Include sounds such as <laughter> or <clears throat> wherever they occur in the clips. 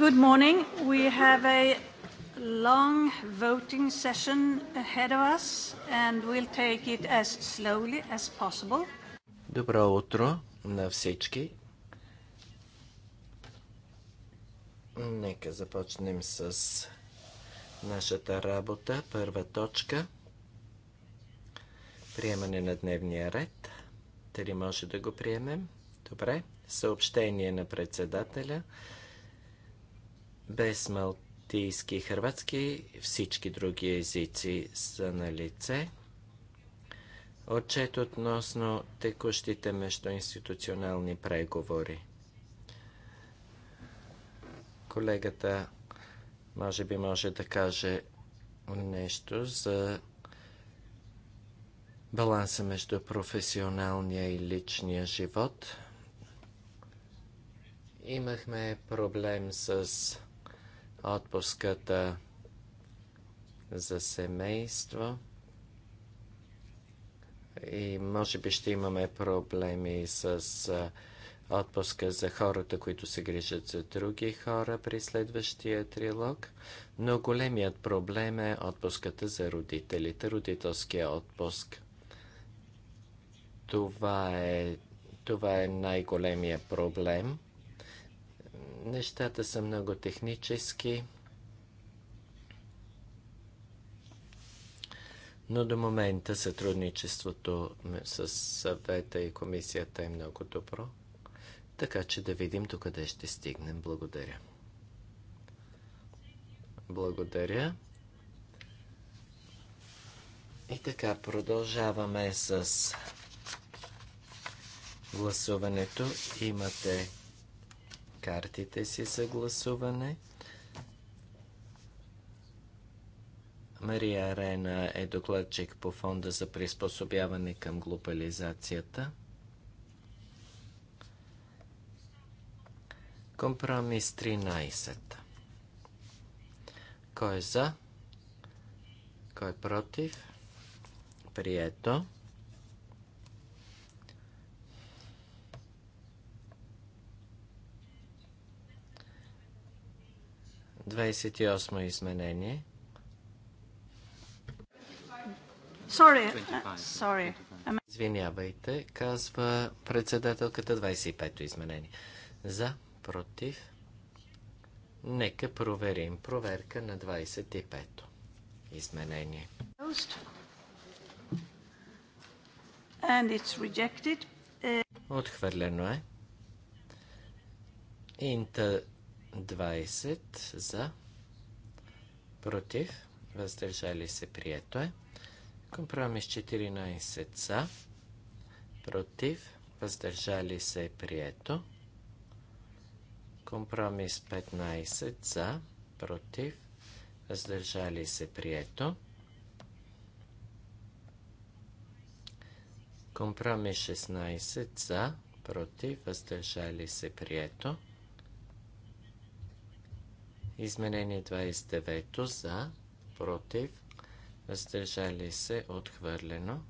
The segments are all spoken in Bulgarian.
Good morning. We have a long voting session ahead of us, and we'll take it as slowly as possible. Добро утро на всички. Нека започнем с нашата работа. Първа точка. Приемане на дневния ред. Дали може да го приемем? Добре. Съобщение на председателя без малтийски и хрватски всички други езици са на лице. Отчет относно текущите междуинституционални преговори. Колегата може би може да каже нещо за баланса между професионалния и личния живот. Имахме проблем с отпуската за семейство. И може би ще имаме проблеми с отпуска за хората, които се грижат за други хора при следващия трилог. Но големият проблем е отпуската за родителите, родителския отпуск. Това е, това е най-големия проблем – Нещата са много технически. Но до момента сътрудничеството с съвета и комисията е много добро, така че да видим до къде ще стигнем. Благодаря. Благодаря. И така, продължаваме с гласуването. Имате картите си за гласуване. Мария Арена е докладчик по фонда за приспособяване към глобализацията. Компромис 13. Кой е за? Кой е против? Прието. 28 изменение. Sorry. Uh, sorry. Извинявайте, казва председателката 25-то изменение. За, против. Нека проверим проверка на 25-то изменение. Uh, Отхвърлено е. Инта 20 за, против, въздържали се, прието е. Компромис 14 за, против, въздържали се, е прието. Компромис 15 за, против, въздържали се, прието. Компромис 16 за, против, въздържали се, прието. Изменение 29 за, против, въздържали се, отхвърлено.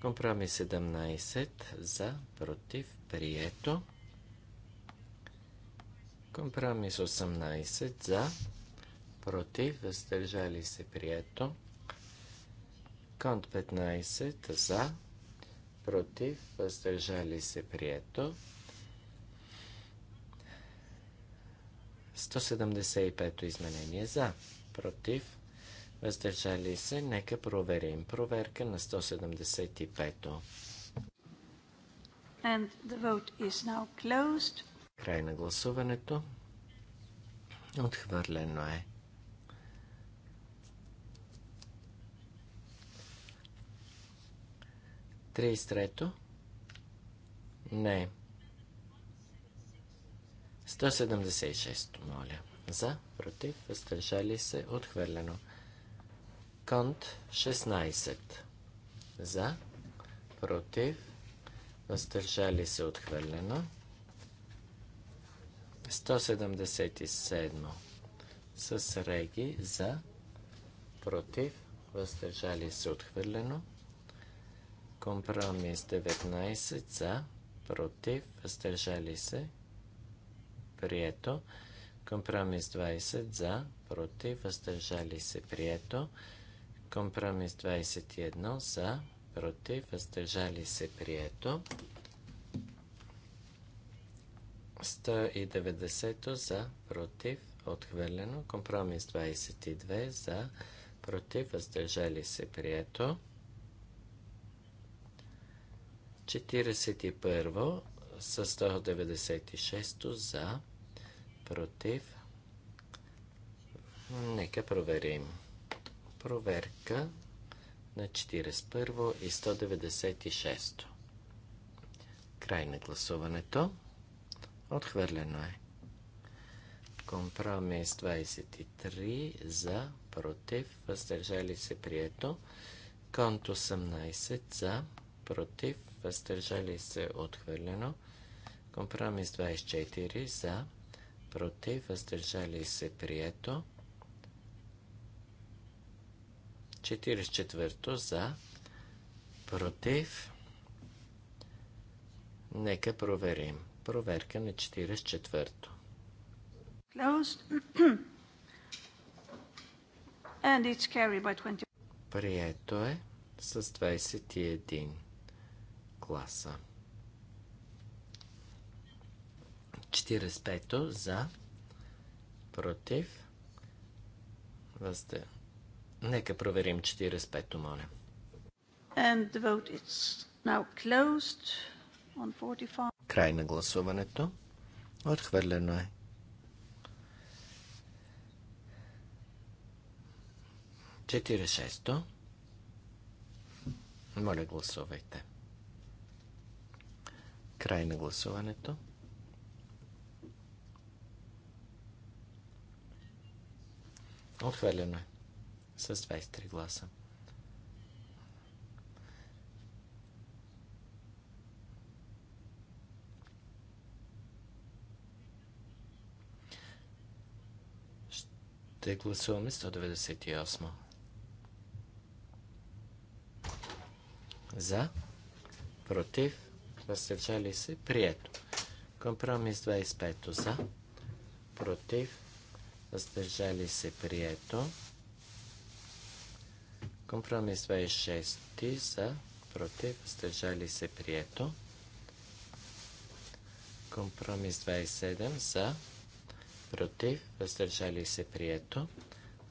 Компромис 17 за, против, прието. Компромис 18 за, против, въздържали се, прието. Конт 15 за, против, въздържали се, прието. 175 изменение за, против, въздържали се, нека проверим. Проверка на 175 And the vote is now closed. Край на гласуването. Отхвърлено е. 33-то? Не. 176-то, моля. За, против, въздържали се, отхвърлено. Конт 16. За, против, въздържали се, отхвърлено. 177. С реги за, против, въздържали се, отхвърлено. 178. Компромис 19 за, против, въздържали се, прието. Компромис 20 за, против, въздържали се, прието. Компромис 21 за, против, въздържали се, прието. 190 за, против, отхвърлено. Компромис 22 за, против, въздържали се, прието. 41 с 196 за, против. Нека проверим. Проверка на 41 и 196. Край на гласуването. Отхвърлено е. Компромис 23 за, против, въздържали се прието. Конт 18 за, против, въздържали се отхвърлено. Компромис 24 за, против, въздържали се прието. 44 за, против. Нека проверим. Проверка на 44-то. <clears throat> Прието е с 21 класа. 45 то за, против, въздържали. Нека проверим 45-то, моля. And the vote is now closed on 45. Край на гласуването. Отхвърлено е. Четири шесто. Моля, гласувайте. Край на гласуването. Отхвърлено е с 23 гласа. Ще гласуваме 198. За, против, въздържали се, прието. Компромис 25 за, против, въздържали се, прието. Компромис 26 за, против, въздържали се, прието. Компромис 27 за, против, въздържали се, прието.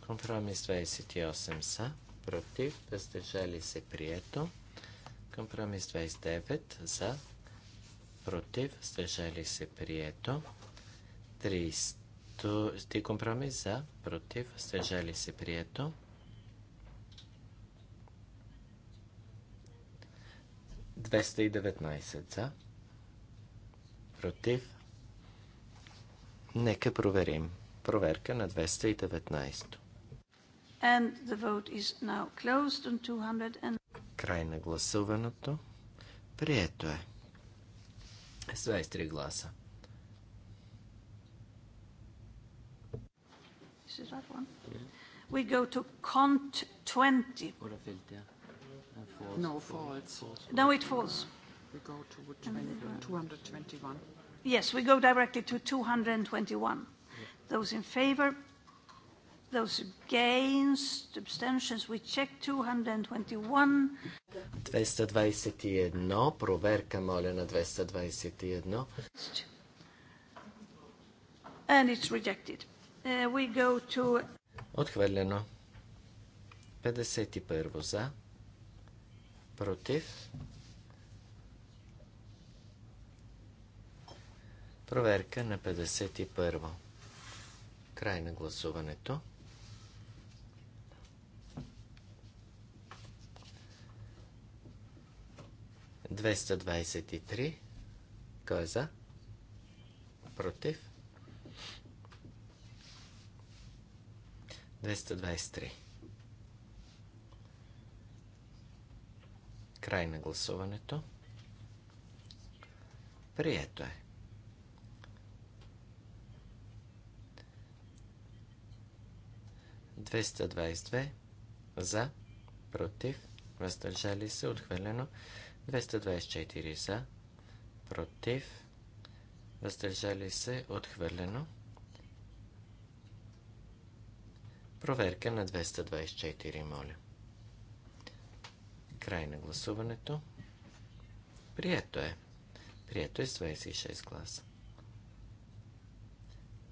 Компромис 28 за, против, въздържали се, прието. Компромис 29 за, против, въздържали се, прието. 30 компромис за, против, стъжали се, прието. 219 за, против. Нека проверим. Проверка на 219. And the vote is now closed on 200 and... Край на гласуването. Прието е. С 23 гласа. We go to cont 20. No, false. No, it falls. We go to 221. Yes, we go directly to 221. Those in favor, Those against, abstentions, we check 221. 221, проверка, моля, на 221. And it's rejected. Uh, we go to... Отхвърлено. 51 за. Против. Проверка на 51. Край на гласуването. 223. Кой е за? Против. 223. Край на гласуването. Прието е. Двеста за, против, въздържали се, отхвърлено. 224 за, против, въздържали се, отхвърлено. Проверка на 224, моля. Край на гласуването. Прието е. Прието е с 26 гласа.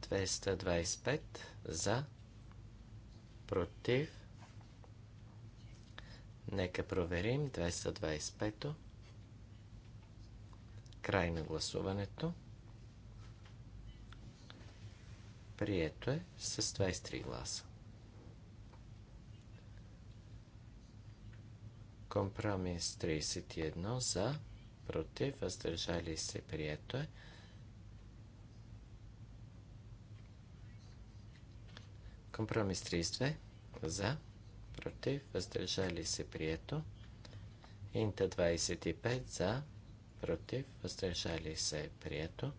225 за, против, Нека проверим 225-то. Край на гласуването. Прието е с 23 гласа. Компромис 31 за, против, въздържали се, прието е. Компромис 32 за, против, въздържали се прието. Инта 25 за, против, въздържали се прието.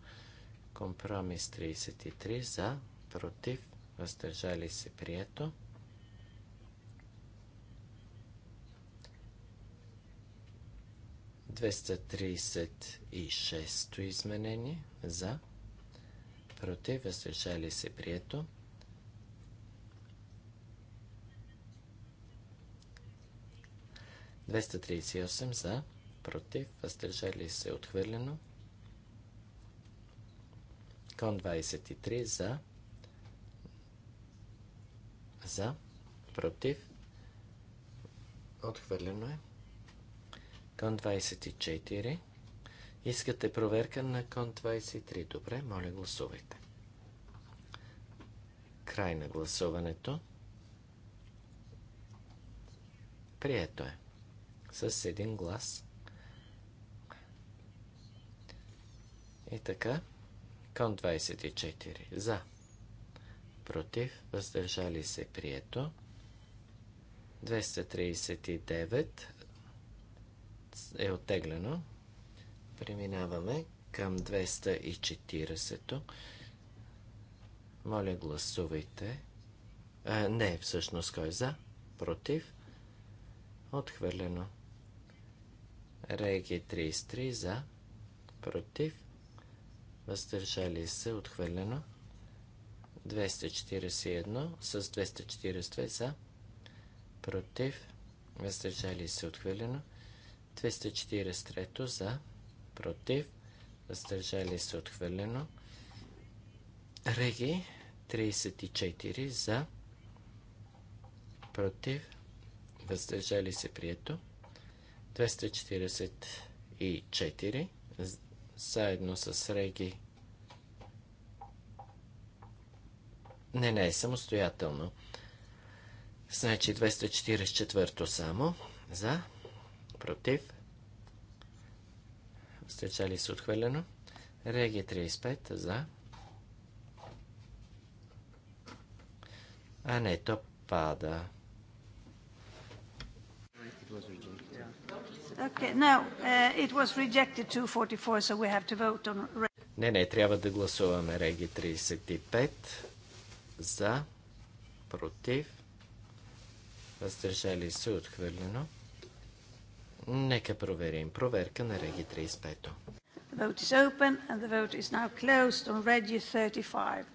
Компромис 33 за, против, въздържали се прието. Двеста и шесто изменение за, против, въздържали се прието. 238 за, против, въздържали се, отхвърлено. Кон 23 за, за, против, отхвърлено е. Кон 24. Искате проверка на кон 23. Добре, моля гласувайте. Край на гласуването. Прието е с един глас. И така, към 24 за, против, въздържали се прието. 239 е отеглено. Преминаваме към 240. Моля, гласувайте. А, не, всъщност кой е за? Против? Отхвърлено. Реги 33 за, против, въздържали се, отхвърлено. 241 с 242 за, против, въздържали се, отхвърлено. 243 за, против, въздържали се, отхвърлено. Реги 34 за, против, въздържали се, прието. 244 заедно с Реги. Не, не, е самостоятелно. Значи 244 само. За. Против. Встречали се отхвърлено. Реги 35 е за. А не, то пада. Okay, now, uh, it was rejected 244, so we have to vote on... Не, не, трябва да гласуваме Реги 35 за, против, въздържали се отхвърлено. Нека проверим. Проверка на Реги 35. The vote is open and the vote is now closed on 35.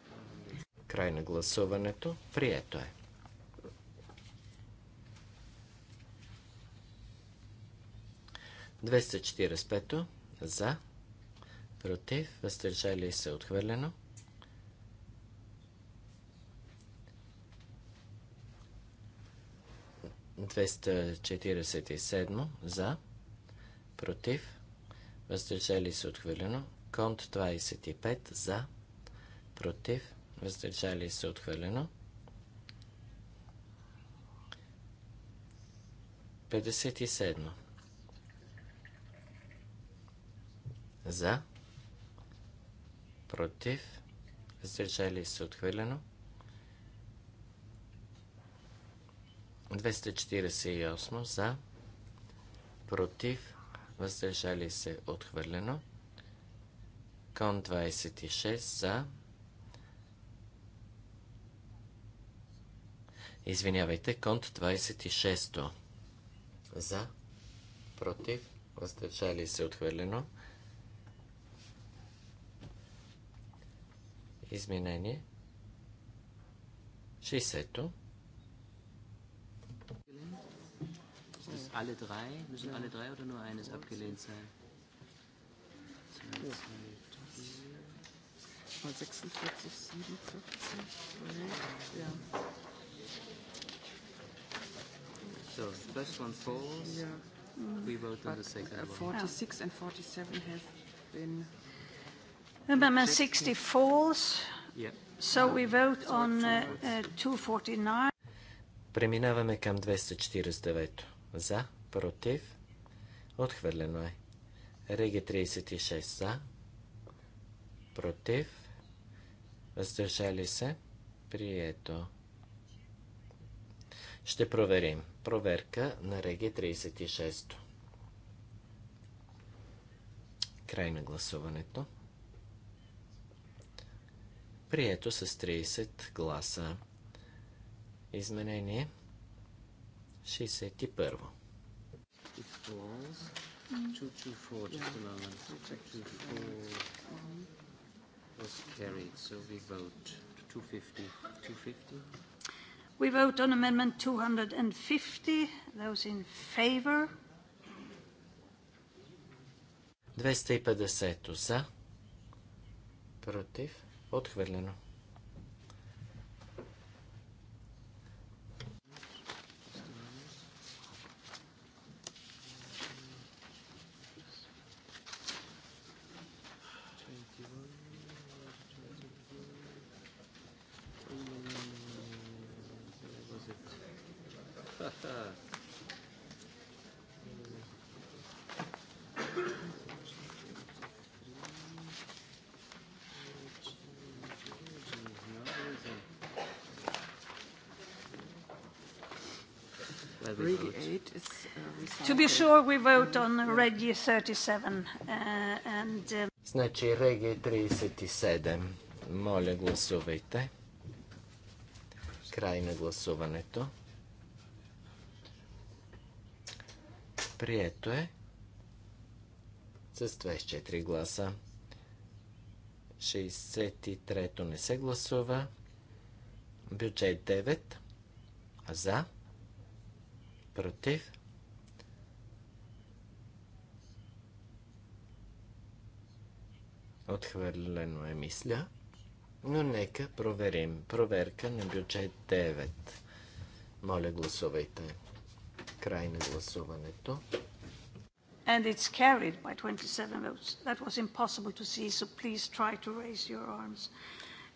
Край на гласуването. Прието е. 245 за, против, въздържали се отхвърлено. Двеста за, против, въздържали се отхвърлено. Конт 25 за, против, въздържали се отхвърлено. 57. за, против, въздържали се отхвърлено. 248 за, против, въздържали се отхвърлено. Кон 26 за. Извинявайте, конт 26 за, против, въздържали се отхвърлено. изменение 60-то. Alle drei? Müssen alle drei oder nur eines abgelehnt sein? Mal 46, 47. Ja. So, first one falls. Yeah. We vote on the second one. 46 and 47 have been Amendment 60 falls. So we vote on uh, 249. Uh, Преминаваме към 249. За, против, отхвърлено е. Реги 36 за, против, въздържали се, прието. Ще проверим. Проверка на Реги 36. Край на гласуването. Прието с 30 гласа. Изменение 61. We vote on amendment 250. Those in favor? 250 за. Против. Отхвърлено. sure we vote on Regi 37 uh, and... Uh... Значи Реги 37. Моля, гласувайте. Край на гласуването. Прието е с 24 гласа. 63-то не се гласува. Бюджет 9. За. Против. Отхвърлено е мисля. Но нека проверим. Проверка на бюджет 9. Моля, гласувайте. Край на гласуването. And it's carried by 27 votes. That was impossible to see, so please try to raise your arms.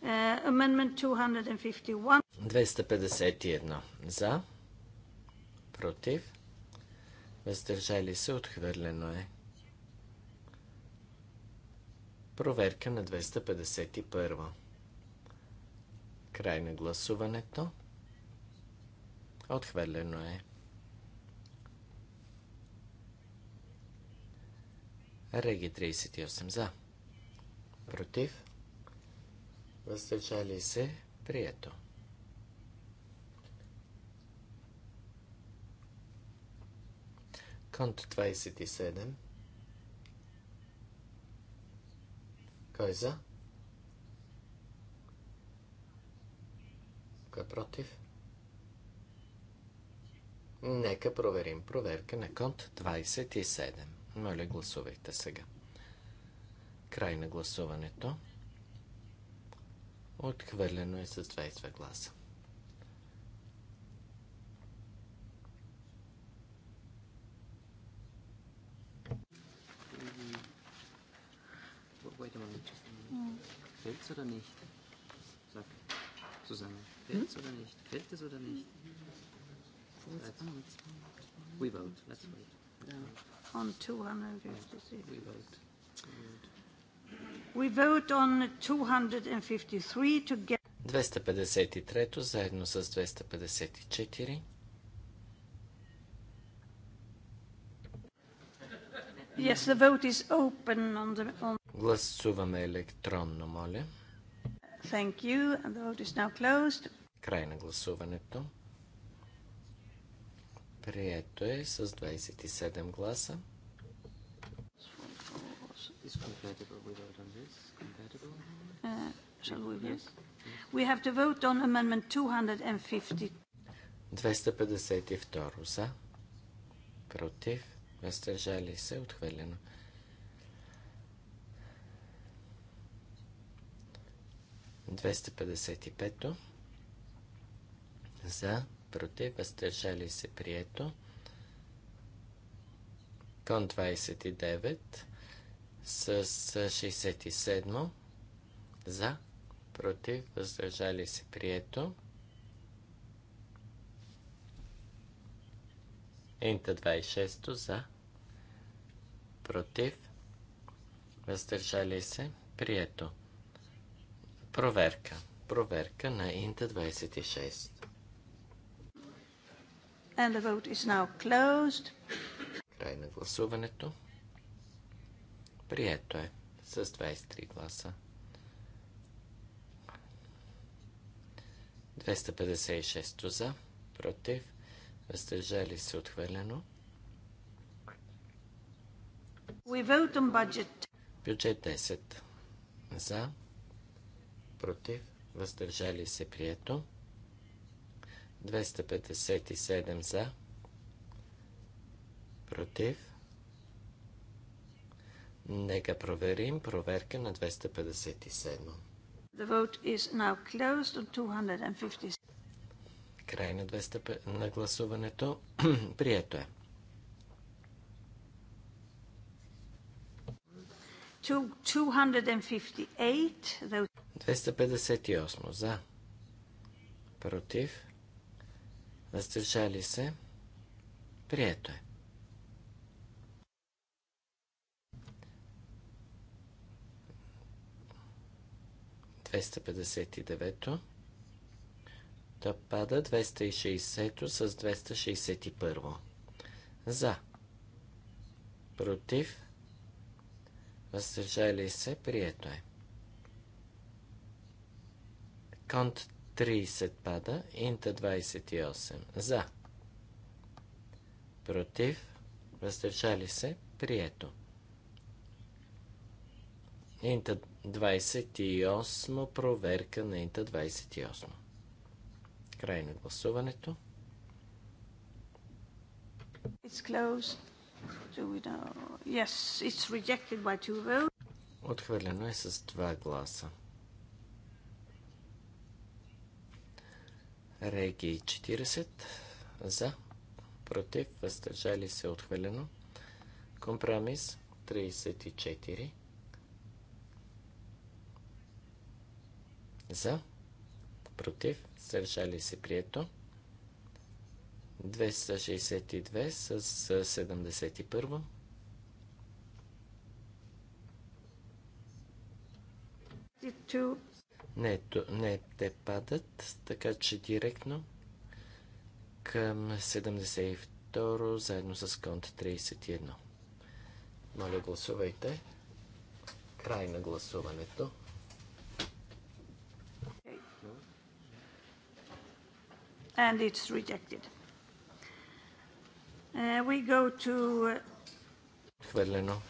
Uh, amendment 251. 251. За. Против. Въздържали се. Отхвърлено е. Проверка на 251. Край на гласуването. Отхвърлено е. Реги 38 за. Против. Въздържали се. Прието. Конт 27. Кой е за? Кой е против? Нека проверим. Проверка на конт 27. Моля, гласувайте сега. Край на гласуването. Отхвърлено е с 22 гласа. Fällt's oder nicht? Sag, Susanne, fällt's hm? oder nicht? Fällt es oder nicht? Let's, we vote. Let's wait. Yeah. On 256. We vote. We vote on 253 to get 253 то заедно с 254. Yes, the vote is open on the on Гласуваме електронно, моля. Thank you. the vote is now closed. Край на гласуването. Прието е с 27 гласа. Uh, we have to vote on amendment 250. 252 за, против, въздържали се, отхвърлено. 253 255 за, против, въздържали се, прието. Кон 29 с 67 за, против, въздържали се, прието. Инта 26 за, против, въздържали се, прието. Проверка. Проверка на Инта 26. And the vote is now closed. Край на гласуването. Прието е с 23 гласа. 256 за, против, въздържали се отхвърлено. Бюджет 10 за, против, въздържали се прието. 257 за, против. Нека проверим проверка на 257. The vote is now closed on 250. Край на, 200, на гласуването. <clears throat> Прието е. 258. 258 за. Против. Въздържали се. Прието е. Двеста Да пада 260 с 261. во За. Против. Въздържали се. Прието е. Конт 30 пада. Инта 28. За. Против. Въздържали се. Прието. Инта 28. Проверка на Инта 28. Край на гласуването. It's closed. Do we know? Yes, it's rejected by two votes. Отхвърлено е с два гласа. Реги 40 за, против, въздържали се отхвърлено. Компромис 34 за, против, въздържали се прието. 262 с 71. Не, не, те падат, така че директно към 72 заедно с конт 31. Моля, гласувайте. Край на гласуването. And it's rejected. Uh, we go to... Uh, Хвърлено. Uh...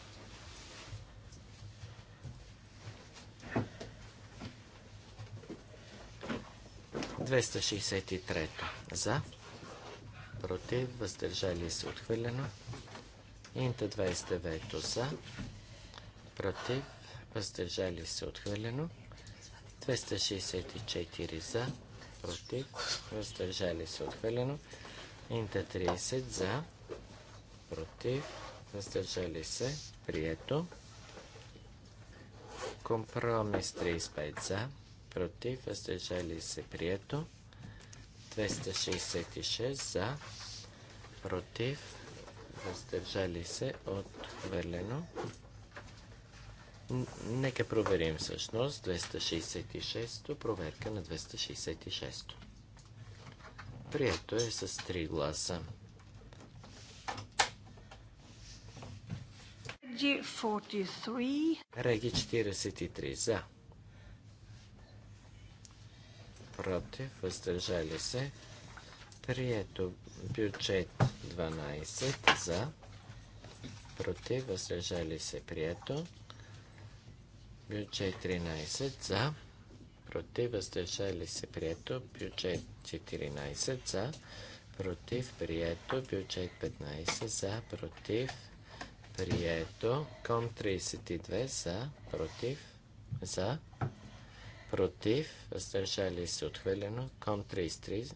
263 за, против, въздържали се отхвърлено. Инта 29 за, против, въздържали се отхвърлено. 264 за, против, въздържали се отхвърлено. Инта 30 за, против, въздържали се, прието. Компромис 35 за, против, въздържали се, прието. 266 за, против, въздържали се, отхвърлено. Нека проверим всъщност 266-то, проверка на 266-то. Прието е с 3 гласа. Реги 43 за против, въздържали се. Прието бюджет 12 за, против, въздържали се. Прието бюджет 13 за, против, въздържали се. Прието бюджет 14 за, против, прието бюджет 15 за, против, прието ком 32 за, против, за, против, въздържали се отхвърлено, ком 33.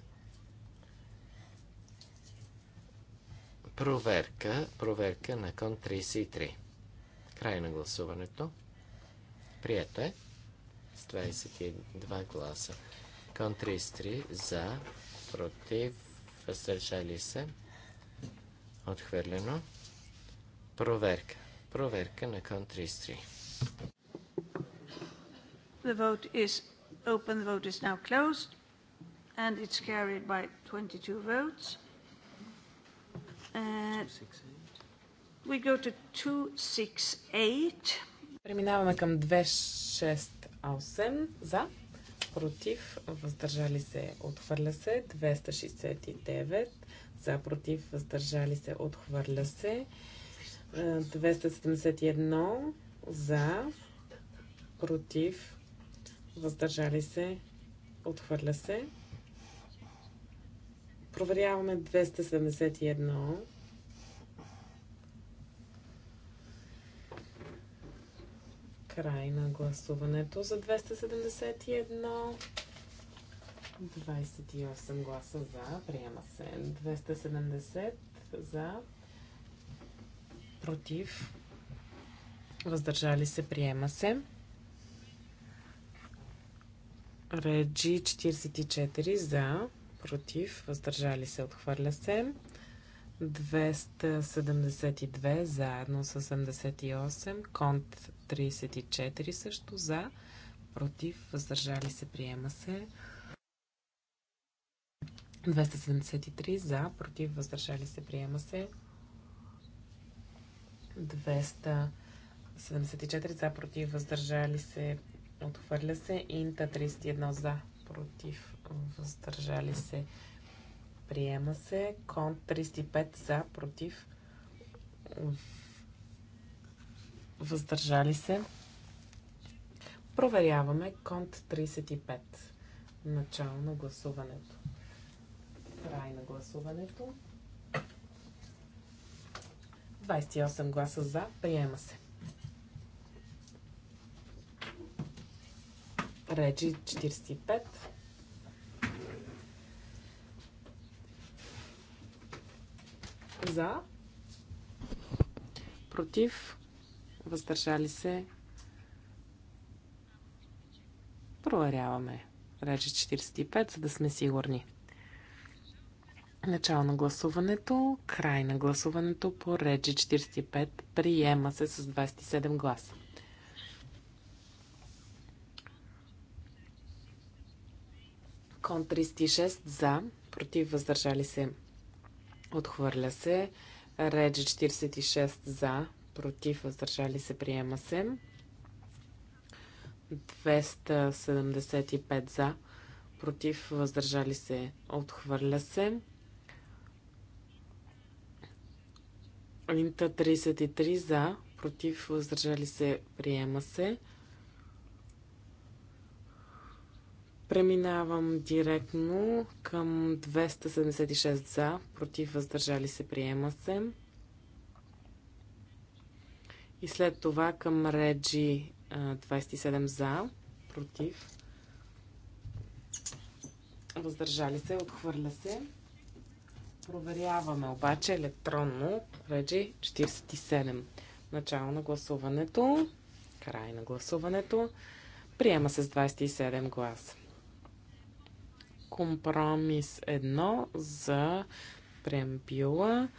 Проверка, проверка на кон 33. Край на гласуването. Прието е. С 22 гласа. Кон 33 за, против, въздържали се. Отхвърлено. Проверка. Проверка на кон 33. The vote is open. The vote is now closed, and it's carried by 22 votes. Uh, we go to 268. Преминаваме към 268 за, против, въздържали се, отхвърля се, 269 за, против, въздържали се, отхвърля се, 271 за, против, въздържали се, отхвърля се. Проверяваме 271. Край на гласуването за 271. 28 гласа за. Приема се. 270 за. Против. Въздържали се. Приема се. Реджи 44 за, против, въздържали се, отхвърля се. 272 заедно с 88, конт 34 също за, против, въздържали се, приема се. 273 за, против, въздържали се, приема се. 274 за, против, въздържали се, Отхвърля се. Инта 31 за. Против. Въздържали се. Приема се. Кон 35 за. Против. Въздържали се. Проверяваме конт 35. Начало на гласуването. Край на гласуването. 28 гласа за. Приема се. Речи 45. За. Против. Въздържали се. Проверяваме. Речи 45, за да сме сигурни. Начало на гласуването, край на гласуването по Реджи 45 приема се с 27 гласа. Кон 36 за, против въздържали се, отхвърля се. Реджи 46 за, против въздържали се, приема се. 275 за, против въздържали се, отхвърля се. Инта 33 за, против въздържали се, приема се. Преминавам директно към 276 за, против въздържали се, приема се. И след това към Реджи 27 за, против. Въздържали се, отхвърля се. Проверяваме обаче електронно Реджи 47. Начало на гласуването, край на гласуването. Приема се с 27 гласа. Компромис едно за преамбюла.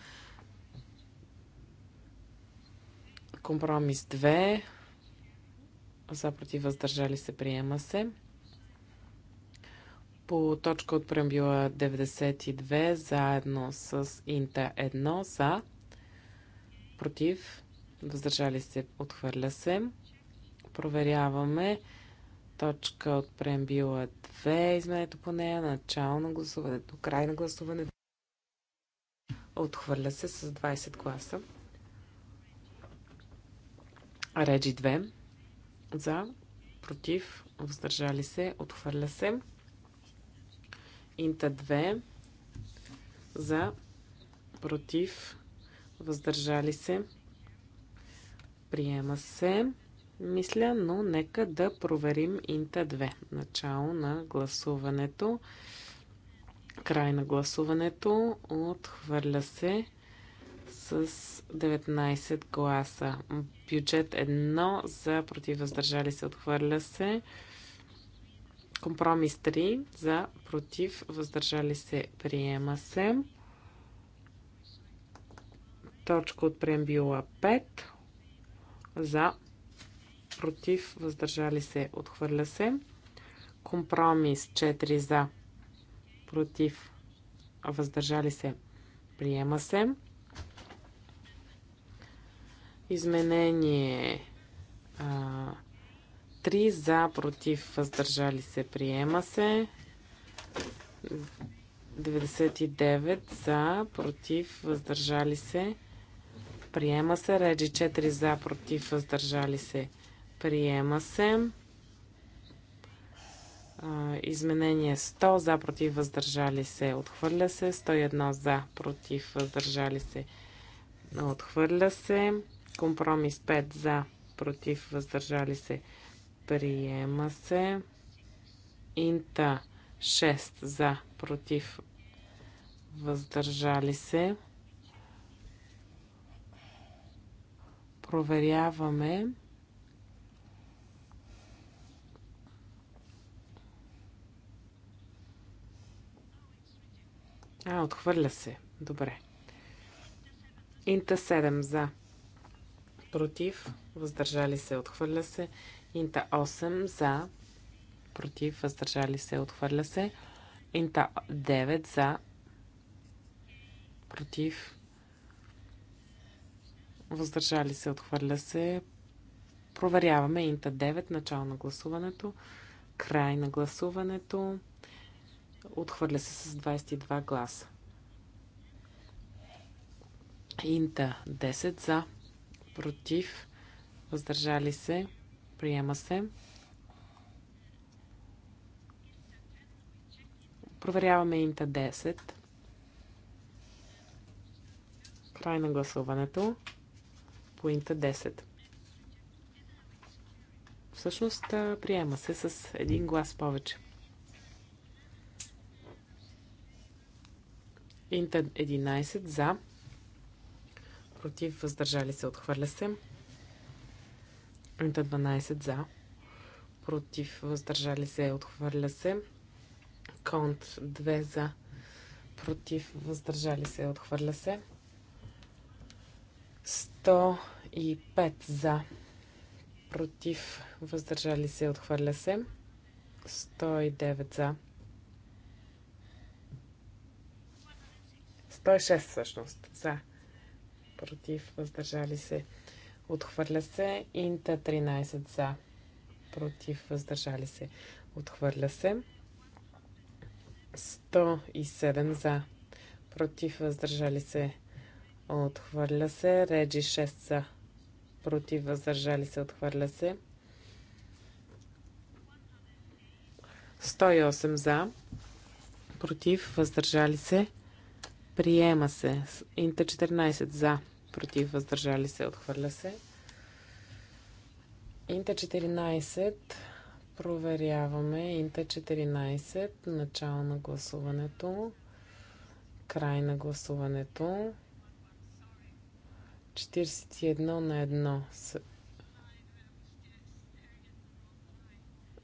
Компромис 2 за против въздържали се приема се. По точка от преамбюла 92 заедно с Инта 1 за против въздържали се отхвърля се. Проверяваме точка от преамбила 2, изменето по нея, начало на гласуването, край на гласуването. Отхвърля се с 20 гласа. Реджи 2. За, против, въздържали се, отхвърля се. Инта 2. За, против, въздържали се, приема се мисля, но нека да проверим Инта 2. Начало на гласуването. Край на гласуването. Отхвърля се с 19 гласа. Бюджет 1 за против въздържали се. Отхвърля се. Компромис 3 за против въздържали се. Приема се. Точка от преамбила 5 за против, въздържали се, отхвърля се. Компромис 4 за, против, въздържали се, приема се. Изменение 3 за, против, въздържали се, приема се. 99 за, против, въздържали се. Приема се. Реджи 4 за, против, въздържали се. Приема се. Изменение 100 за против въздържали се отхвърля се. 101 за против въздържали се отхвърля се. Компромис 5 за против въздържали се приема се. Инта 6 за против въздържали се. Проверяваме. А, отхвърля се. Добре. Инта 7 за. Против. Въздържали се. Отхвърля се. Инта 8 за. Против. Въздържали се. Отхвърля се. Инта 9 за. Против. Въздържали се. Отхвърля се. Проверяваме Инта 9. Начало на гласуването. Край на гласуването. Отхвърля се с 22 гласа. Инта 10 за, против, въздържали се, приема се. Проверяваме Инта 10. Край на гласуването по Инта 10. Всъщност приема се с един глас повече. Инта 11 за. Против въздържали се. Отхвърля се. Инта 12 за. Против въздържали се. Отхвърля се. Конт 2 за. Против въздържали се. Отхвърля се. 105 за. Против въздържали се. Отхвърля се. 109 за 6 е всъщност. За. Против. Въздържали се. Отхвърля се. Инта 13 за. Против. Въздържали се. Отхвърля се. 107 за. Против. Въздържали се. Отхвърля се. Реджи 6 за. Против. Въздържали се. Отхвърля се. 108 за. Против. Въздържали се. Приема се. Инта 14 за. Против въздържали се. Отхвърля се. Инта 14. Проверяваме. Инта 14. Начало на гласуването. Край на гласуването. 41 на 1.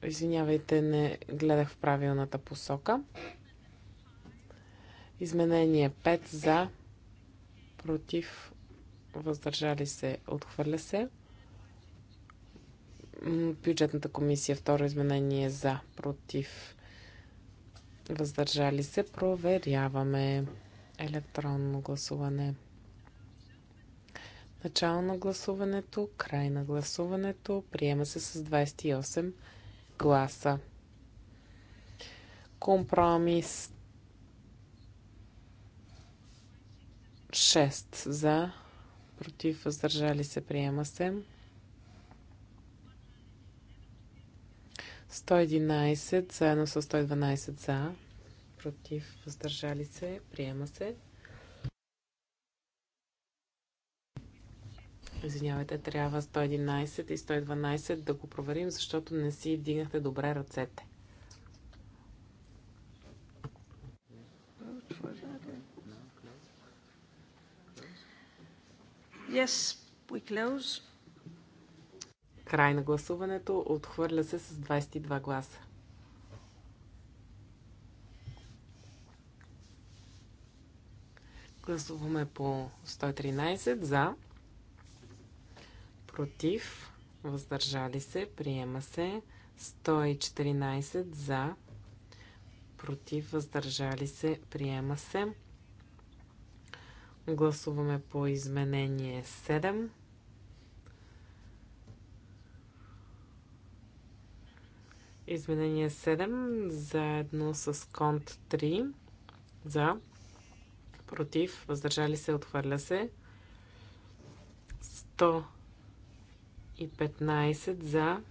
Извинявайте, не гледах в правилната посока. Изменение 5 за, против, въздържали се, отхвърля се. Бюджетната комисия второ изменение за, против, въздържали се. Проверяваме електронно гласуване. Начало на гласуването, край на гласуването. Приема се с 28 гласа. Компромис 6 за, против, въздържали се, приема се. 111 заедно с 112 за, против, въздържали се, приема се. Извинявайте, трябва 111 и 112 да го проверим, защото не си дигнахте добре ръцете. Yes, we close. Край на гласуването отхвърля се с 22 гласа. Гласуваме по 113 за, против, въздържали се, приема се. 114 за, против, въздържали се, приема се. Гласуваме по изменение 7. Изменение 7 заедно с конт 3 за против, въздържали се, отхвърля се. 115 за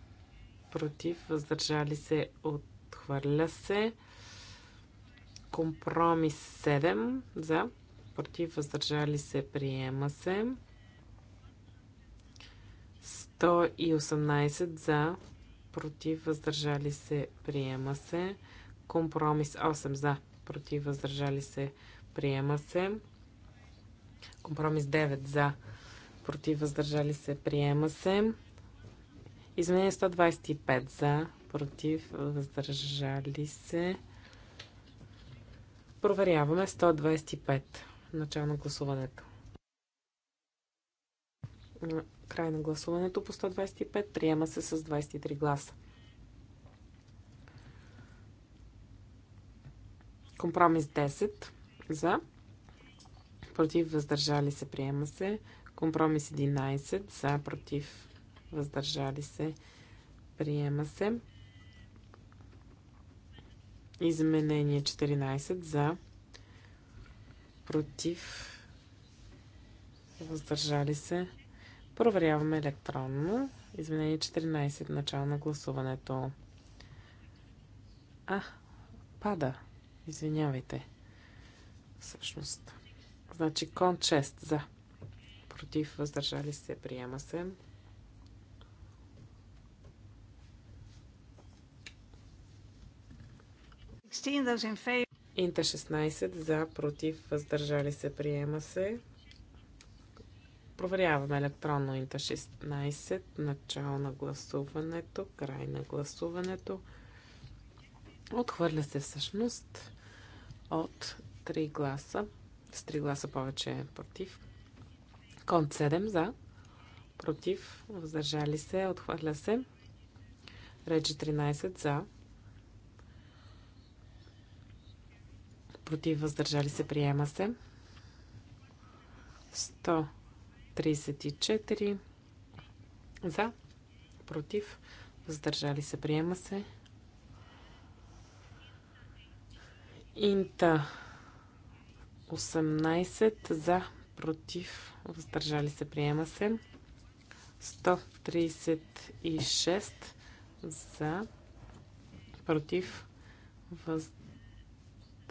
против, въздържали се, отхвърля се. Компромис 7 за против против, въздържали се, приема се. 118 за, против, въздържали се, приема се. Компромис 8 за, против, въздържали се, приема се. Компромис 9 за, против, въздържали се, приема се. Изменение 125 за, против, въздържали се. Проверяваме 125. Начало на гласуването. Край на гласуването по 125. Приема се с 23 гласа. Компромис 10 за. Против въздържали се. Приема се. Компромис 11 за. Против въздържали се. Приема се. Изменение 14 за против, въздържали се. Проверяваме електронно. Изменение 14, начало на гласуването. А, пада. Извинявайте. Всъщност. Значи кон 6 за. Против, въздържали се, приема се. Инта 16 за, против, въздържали се, приема се. Проверяваме електронно Инта 16, начало на гласуването, край на гласуването. Отхвърля се всъщност от 3 гласа, с 3 гласа повече е против. Конт 7 за, против, въздържали се, отхвърля се. Речи 13 за, против, въздържали се, приема се. 134 за, против, въздържали се, приема се. Инта 18 за, против, въздържали се, приема се. 136 за, против, въздържали се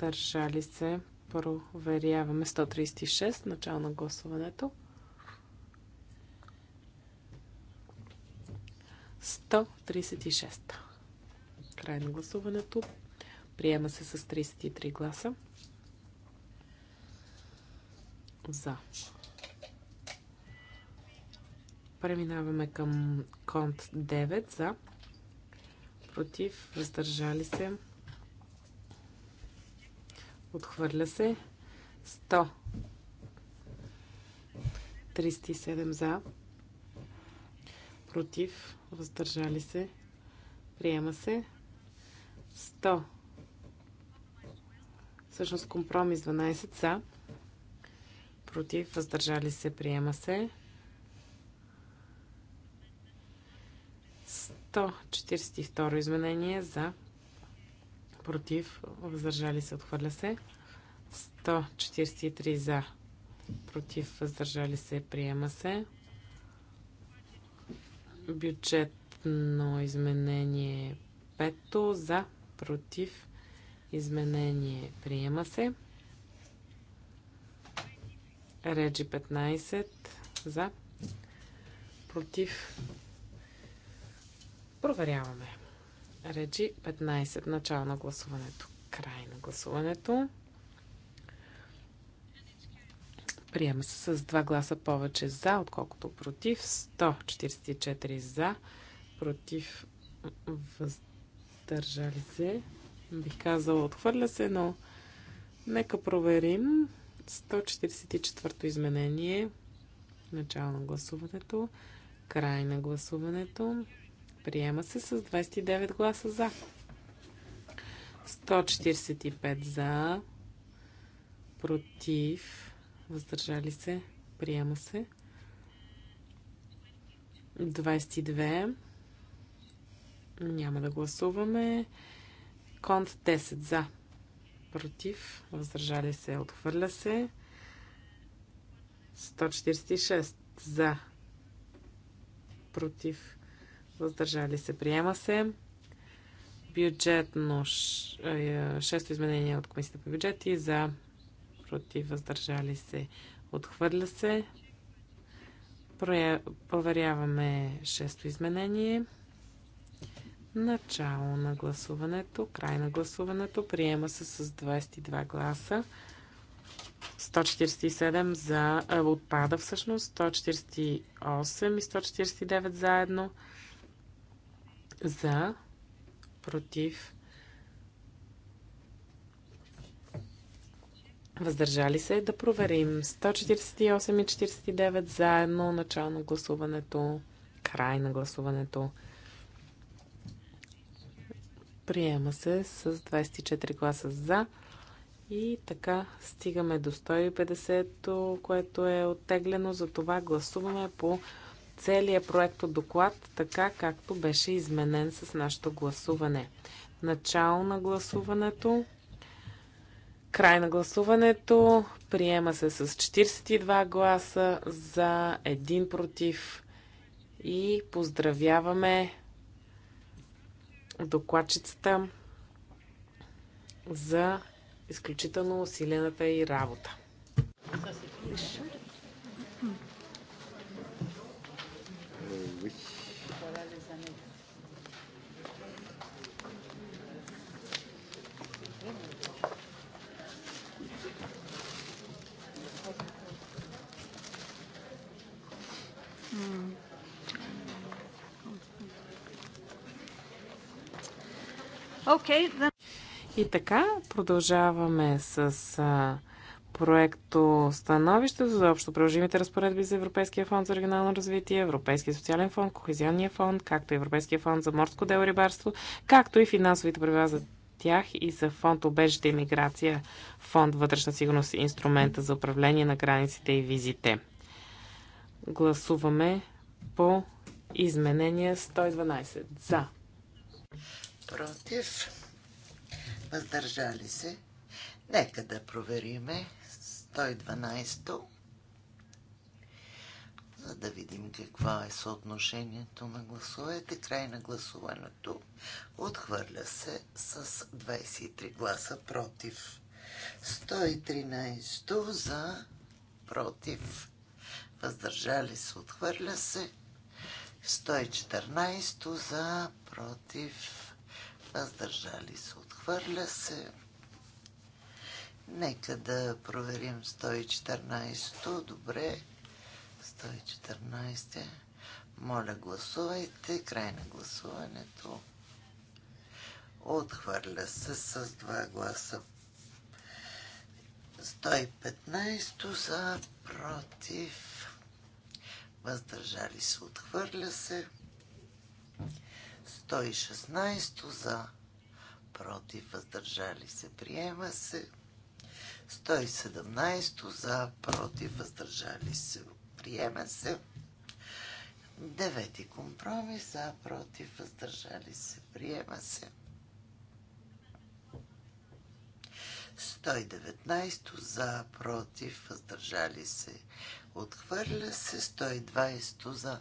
въздържали се. Проверяваме 136, начало на гласуването. 136. Край на гласуването. Приема се с 33 гласа. За. Преминаваме към конт 9 за. Против. Въздържали се. Отхвърля се. 100. 307 за. Против. Въздържали се. Приема се. 100. Всъщност компромис 12 за. Против. Въздържали се. Приема се. 142 изменение за против, въздържали се, отхвърля се. 143 за, против, въздържали се, приема се. Бюджетно изменение 5 за, против, изменение приема се. Реджи 15 за, против. Проверяваме. Реджи 15. Начало на гласуването. Край на гласуването. Приема се с 2 гласа повече за, отколкото против. 144 за, против въздържали се. Бих казала отхвърля се, но нека проверим. 144 то изменение. Начало на гласуването. Край на гласуването. Приема се с 29 гласа за. 145 за. Против. Въздържали се. Приема се. 22. Няма да гласуваме. Конт 10 за. Против. Въздържали се. Отхвърля се. 146 за. Против въздържали се, приема се. Бюджетно, е, шесто изменение от Комисията по бюджети за против, въздържали се, отхвърля се. Проверяваме шесто изменение. Начало на гласуването, край на гласуването, приема се с 22 гласа. 147 за, е, отпада всъщност, 148 и 149 заедно за, против, въздържали се да проверим 148 и 49 заедно начало на гласуването, край на гласуването. Приема се с 24 гласа за. И така стигаме до 150 което е оттеглено. това гласуваме по целият проект от доклад, така както беше изменен с нашето гласуване. Начало на гласуването. Край на гласуването. Приема се с 42 гласа за един против. И поздравяваме докладчицата за изключително усилената и работа. Okay, then... И така, продължаваме с а, проекто Становище за общо приложимите разпоредби за Европейския фонд за регионално развитие, Европейския социален фонд, Кохезионния фонд, както и Европейския фонд за морско дело рибарство, както и финансовите правила за тях и за фонд Обежда и миграция, фонд Вътрешна сигурност и инструмента за управление на границите и визите. Гласуваме по изменение 112. За против, въздържали се. Нека да провериме 112-то, за да видим какво е съотношението на гласовете. Край на гласуването отхвърля се с 23 гласа против. 113 за против. Въздържали се, отхвърля се. 114 за против въздържали се, отхвърля се. Нека да проверим 114-то. Добре. 114 Моля, гласувайте. Край на гласуването. Отхвърля се с 2 гласа. 115 за против. Въздържали се. Отхвърля се. 116 за против, въздържали се, приема се. 117 за против, въздържали се, приема се. Девети компромис за против, въздържали се, приема се. 119 за против, въздържали се, отхвърля се. 120 за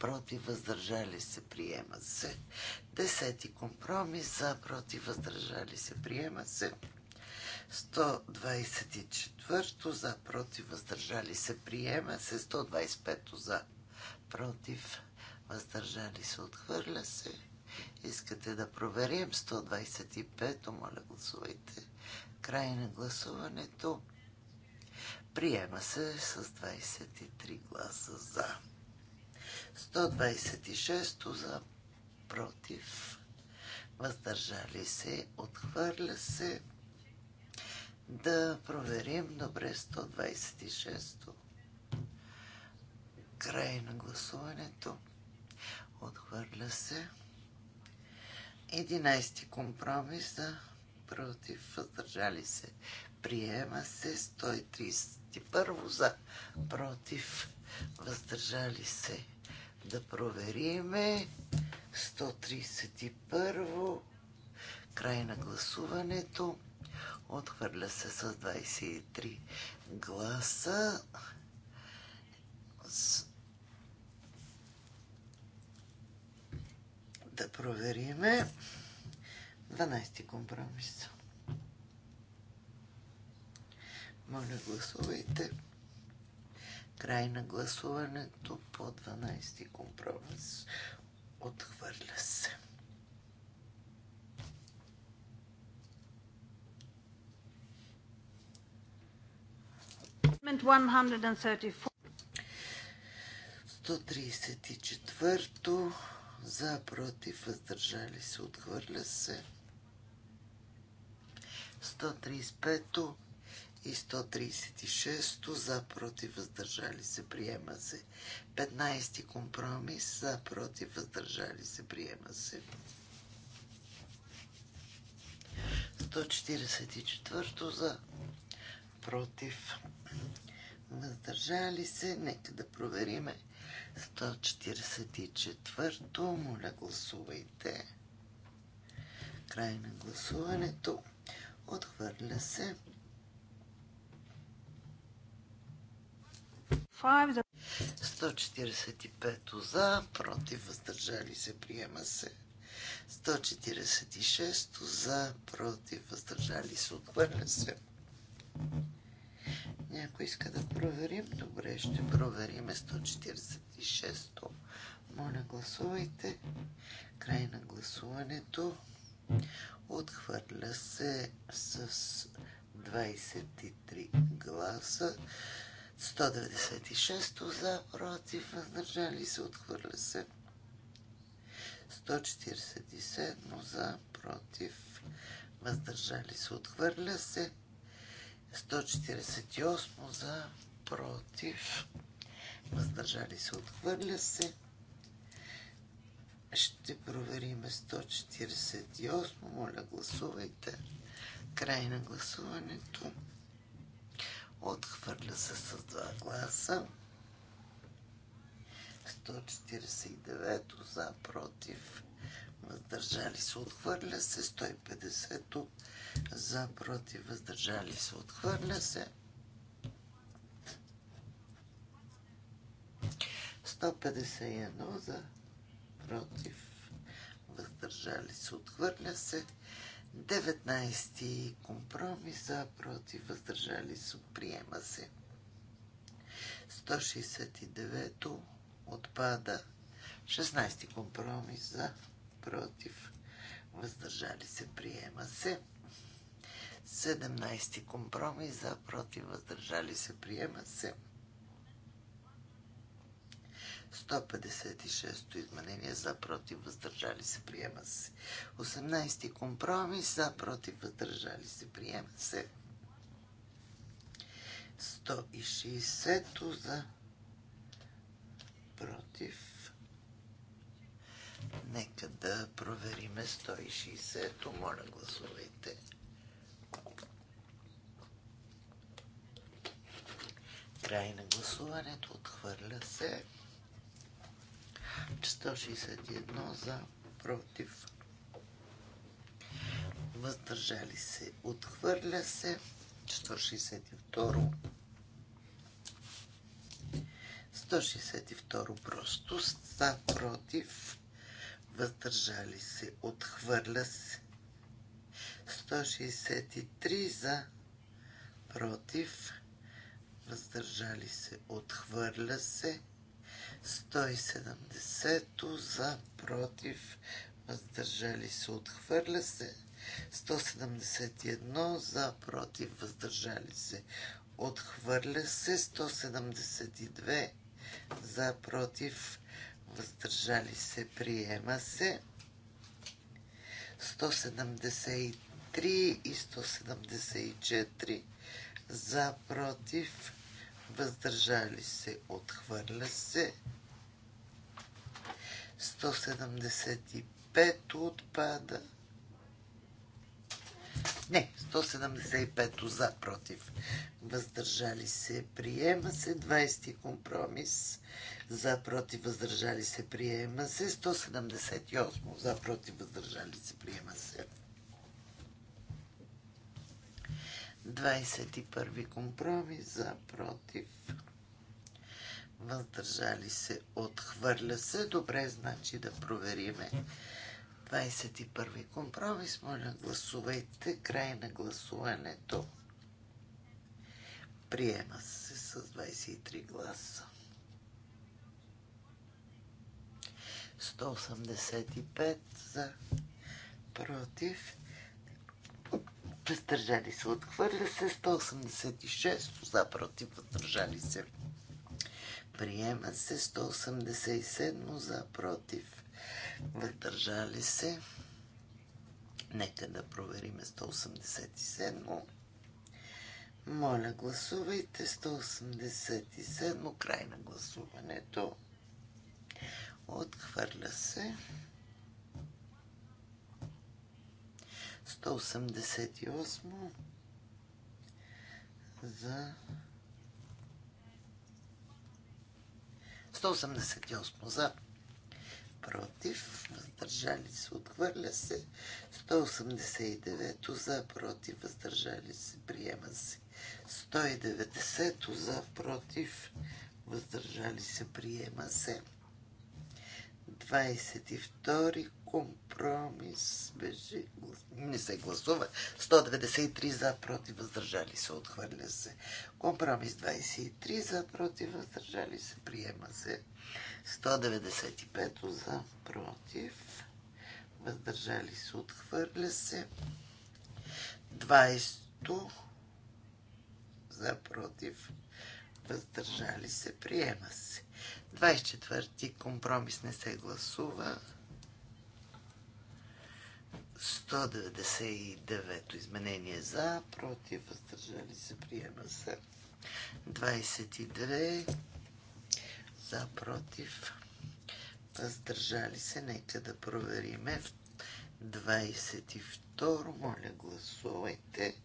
против, въздържали се, приема се. Десети компромис, за, против, въздържали се, приема се. 124 за, против, въздържали се, приема се. 125 за, против, въздържали се, отхвърля се. Искате да проверим 125, моля гласувайте. Край на гласуването. Приема се с 23 гласа за. 126 за против. Въздържали се, отхвърля се. Да проверим. Добре, 126 Край на гласуването. Отхвърля се. 11 компромис за против. Въздържали се. Приема се 131 за против. Въздържали се. Да провериме. 131. Край на гласуването. Отхвърля се с 23 гласа. Да провериме. 12 компромис. Моля, гласувайте. Край на гласуването по 12-ти компромис. Отхвърля се. Amendment 134. 134 за, против, въздържали се, отхвърля се. 135 то и 136 за против въздържали се приема се. 15 компромис за против въздържали се приема се. 144 за против въздържали се. Нека да провериме. 144 моля гласувайте. Край на гласуването. Отхвърля се. 145 за, против, въздържали се, приема се. 146 за, против, въздържали се, отхвърля се. Някой иска да проверим? Добре, ще проверим 146-то. Моля, гласувайте. Край на гласуването. Отхвърля се с 23 гласа. 196 за, против, въздържали се, отхвърля се. 147 за, против, въздържали се, отхвърля се. 148 за, против, въздържали се, отхвърля се. Ще провериме 148. Моля, гласувайте. Край на гласуването. Отхвърля се с два гласа. 149 за, против, въздържали се, отхвърля се. 150 за, против, въздържали се, отхвърля се. 151 за, против, въздържали се, отхвърля се. 19 компромиса против въздържали се приема се. 169 отпада. 16 компромис за против въздържали се приема се. 17 компромис за против въздържали се приема се. 156-то изменение за против въздържали се приема се. 18-ти компромис за против въздържали се приема се. 160-то за против. Нека да провериме 160-то. Моля гласувайте. Край на гласуването отхвърля се. 161 за против. Въздържали се. Отхвърля се. 162. 162 просто. За против. Въздържали се. Отхвърля се. 163 за против. Въздържали се. Отхвърля се. 170 за, против, въздържали се, отхвърля се. 171 за, против, въздържали се, отхвърля се. 172 за, против, въздържали се, приема се. 173 и 174 за, против, въздържали се, отхвърля се. 175 отпада. Не, 175 за, против. Въздържали се, приема се. 20 компромис. За, против, въздържали се, приема се. 178 за, против, въздържали се, приема се. 21 компромис за против. Въздържали се, отхвърля се. Добре, значи да провериме. 21 компромис. Моля, гласувайте. Край на гласуването. Приема се с 23 гласа. 185 за против въздържали се, отхвърля се 186, за против, въздържали се. Приема се 187 за против. Въздържали се. Нека да проверим 187. Моля, гласувайте 187. Край на гласуването. Отхвърля се. 188 за 188 за против, въздържали се, отхвърля се. 189 за против, въздържали се, приема се. 190 за против, въздържали се, приема се. 22 Компромис беше... Не се гласува. 193 за, против, въздържали се. Отхвърля се. Компромис 23 за, против, въздържали се. Приема се. 195 за, против. Въздържали се. Отхвърля се. 20 за, против. Въздържали се. Приема се. 24 компромис не се гласува. 199 изменение за, против, въздържали се, приема се. 22 за, против, въздържали се. Нека да провериме. 22. Моля, гласувайте.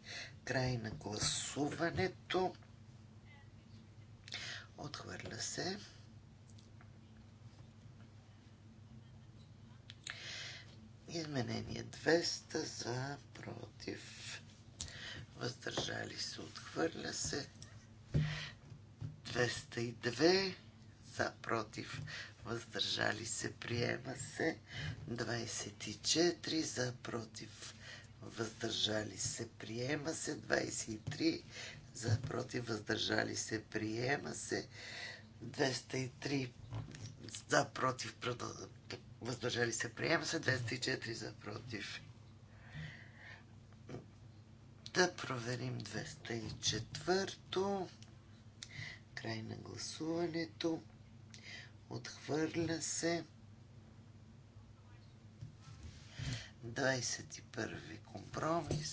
Край на гласуването. Отхвърля се. Изменение 200 за против. Въздържали се, отхвърля се. 202 за против. Въздържали се, приема се. 24 за против. Въздържали се, приема се. 23 за против. Въздържали се, приема се. 203 за против въздържали се, приема се 204 за против. Да проверим 204. то Край на гласуването. Отхвърля се. 21 компромис.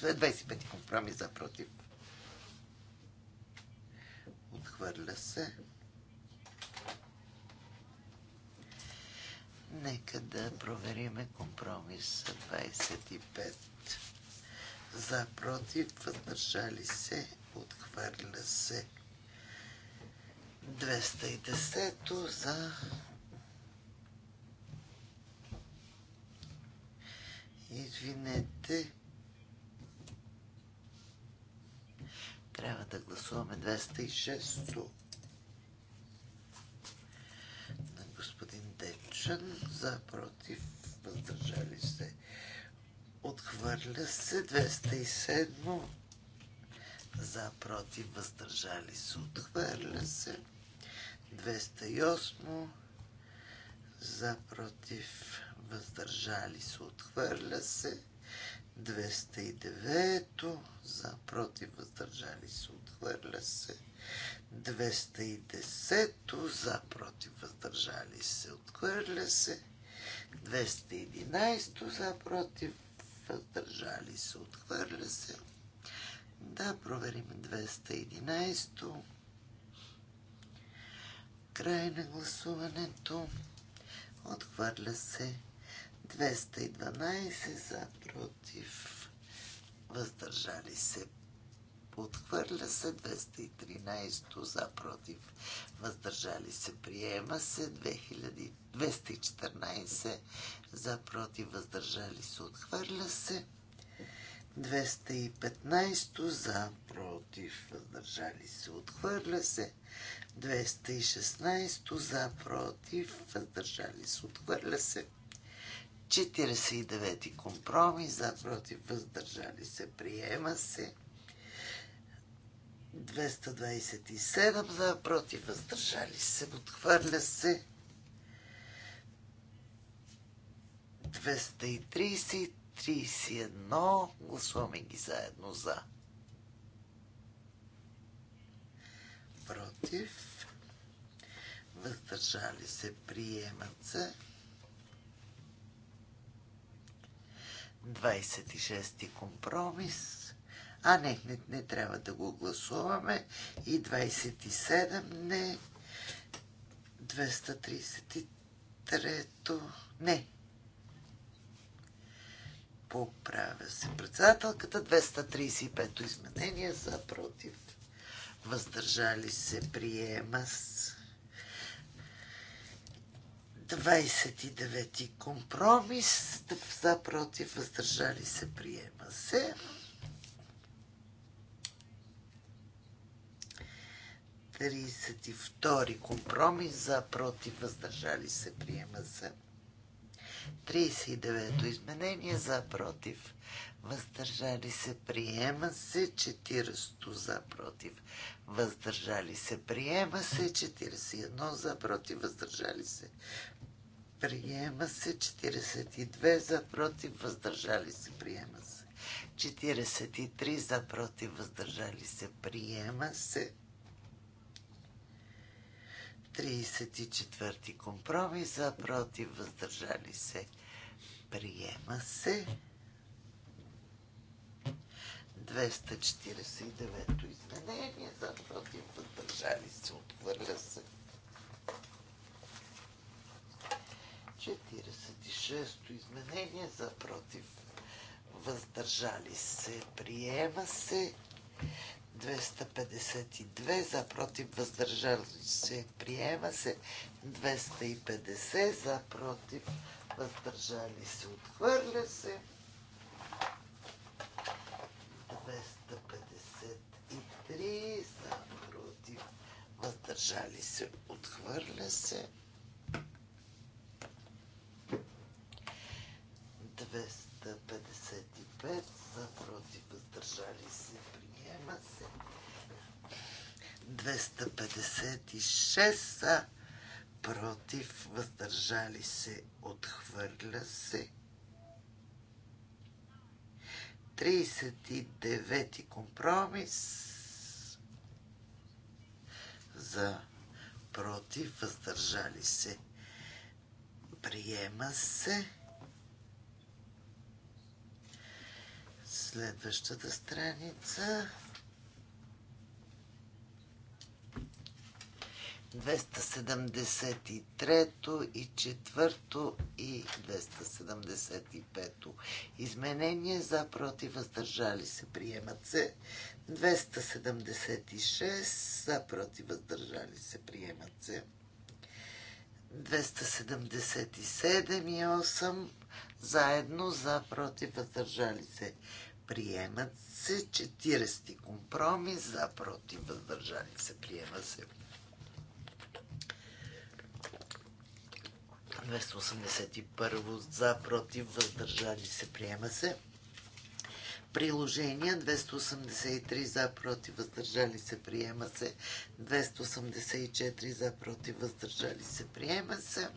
25 компромис за против. Отхвърля се. Нека да провериме компромис 25. За, против, въздържали се, отхвърля се. 210 за Извинете. Трябва да гласуваме 206 въздържан, за против въздържали се. Отхвърля се 207 за против въздържали се. Отхвърля се 208 за против въздържали се. Отхвърля се 209 за против въздържали се. Отхвърля се 210 за против въздържали се отхвърля се 211 за против въздържали се отхвърля се да проверим 211 край на гласуването отхвърля се 212 за против въздържали се Отхвърля се 213 за против. Въздържали се. Приема се 2214 214 за против. Въздържали се. Отхвърля се. 215 за против. Въздържали се. Отхвърля се. 216 за против. Въздържали се. Отхвърля се. 49 компромис за против. Въздържали се. Приема се. 227 за, против, въздържали се, отхвърля се. 230 и 31. Гласуваме ги заедно за. Против. Въздържали се, приемат се. 26 компромис. А, не, не, не трябва да го гласуваме. И 27, не. 233, не. Поправя се председателката. 235 изменение за против. Въздържали се приема с 29 компромис. За против въздържали се приема се. 32 компромис за против въздържали се приема се. 39-то изменение за против въздържали се приема се 40 за против въздържали се приема се 41 за против въздържали се приема се 42 за против въздържали се приема се 43 за против въздържали се приема се 34 компромис за против въздържали се. Приема се. 249 то изменение за против въздържали се. Отхвърля се. 46-то изменение за против въздържали се. Приема се. 252 за против въздържали се приема се 250 за против въздържали се отхвърля се 253 за против въздържали се отхвърля се 255 за против въздържали се 256 против, въздържали се, отхвърля се. 39 компромис за против, въздържали се. Приема се. Следващата страница 273 то и 4 то и 275 то изменение за против въздържали се приемат се 276 за против въздържали се приемат се 277 и 8 заедно за против въздържали се приемат се 40 компромис за против въздържали се приема се 281 за, против, въздържали се, приема се. Приложения 283 за, против, въздържали се, приема се. 284 за, против, въздържали се, приема се.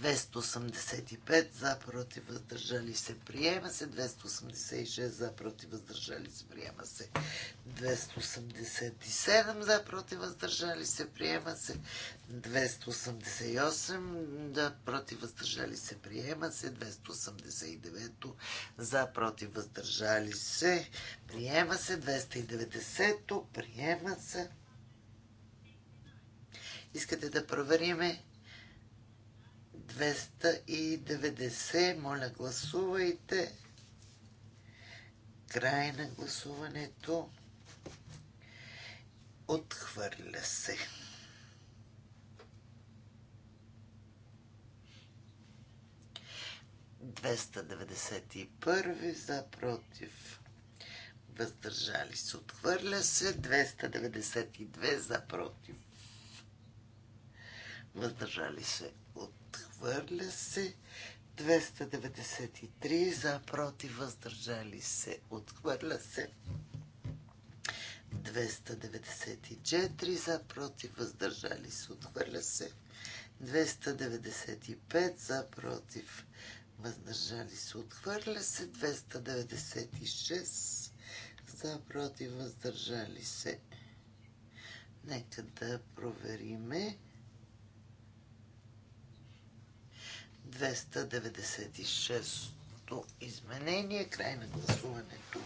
285 за против въздържали се приема се 286 за против въздържали се приема се 287 за против въздържали се приема се 288 за против въздържали се приема се 289 за против въздържали се приема се 290 приема се Искате да провериме 290. Моля, гласувайте. Край на гласуването. Отхвърля се. Двеста деветдесет и първи за против въздържали се. Отхвърля се 292 за против. Въздържали се отхвърля се. 293 за, против, въздържали се, отхвърля се. 294 за, против, въздържали се, отхвърля се. 295 за, против, въздържали се, отхвърля се. 296 за, против, въздържали се. Нека да провериме. 296-то изменение. Край на гласуването.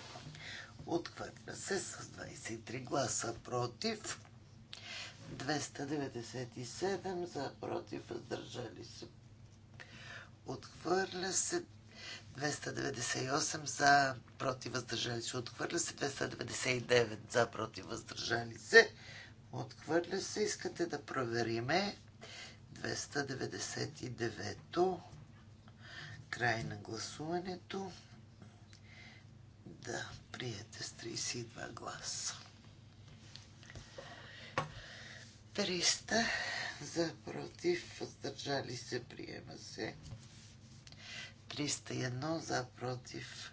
Отхвърля се с 23 гласа против. 297 за против, въздържали се. Отхвърля се 298 за против, въздържали се. Отхвърля се 299 за против, въздържали се. Отхвърля се. Искате да провериме. 299-то. Край на гласуването. Да, приете с 32 гласа. 300 за против, въздържали се, приема се. 301 за против,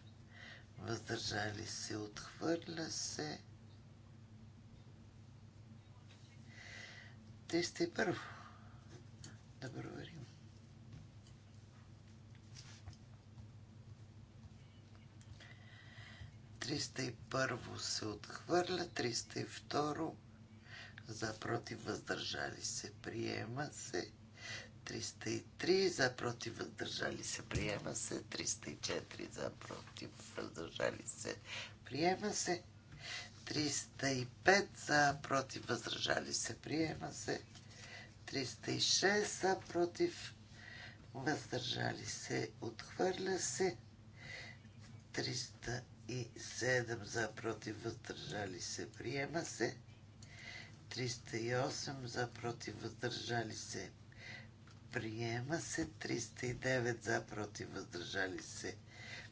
въздържали се, отхвърля се. 301 да проверим. Триста и първо се отхвърля, 302 за против въздържали се, приема се. 303 за против въздържали се, приема се. 304 за против въздържали се, приема се. 305 за против въздържали се, приема се. 306 са против въздържали се отхвърля се 307 за против въздържали се приема се 308 за против въздържали се приема се 309 за против въздържали се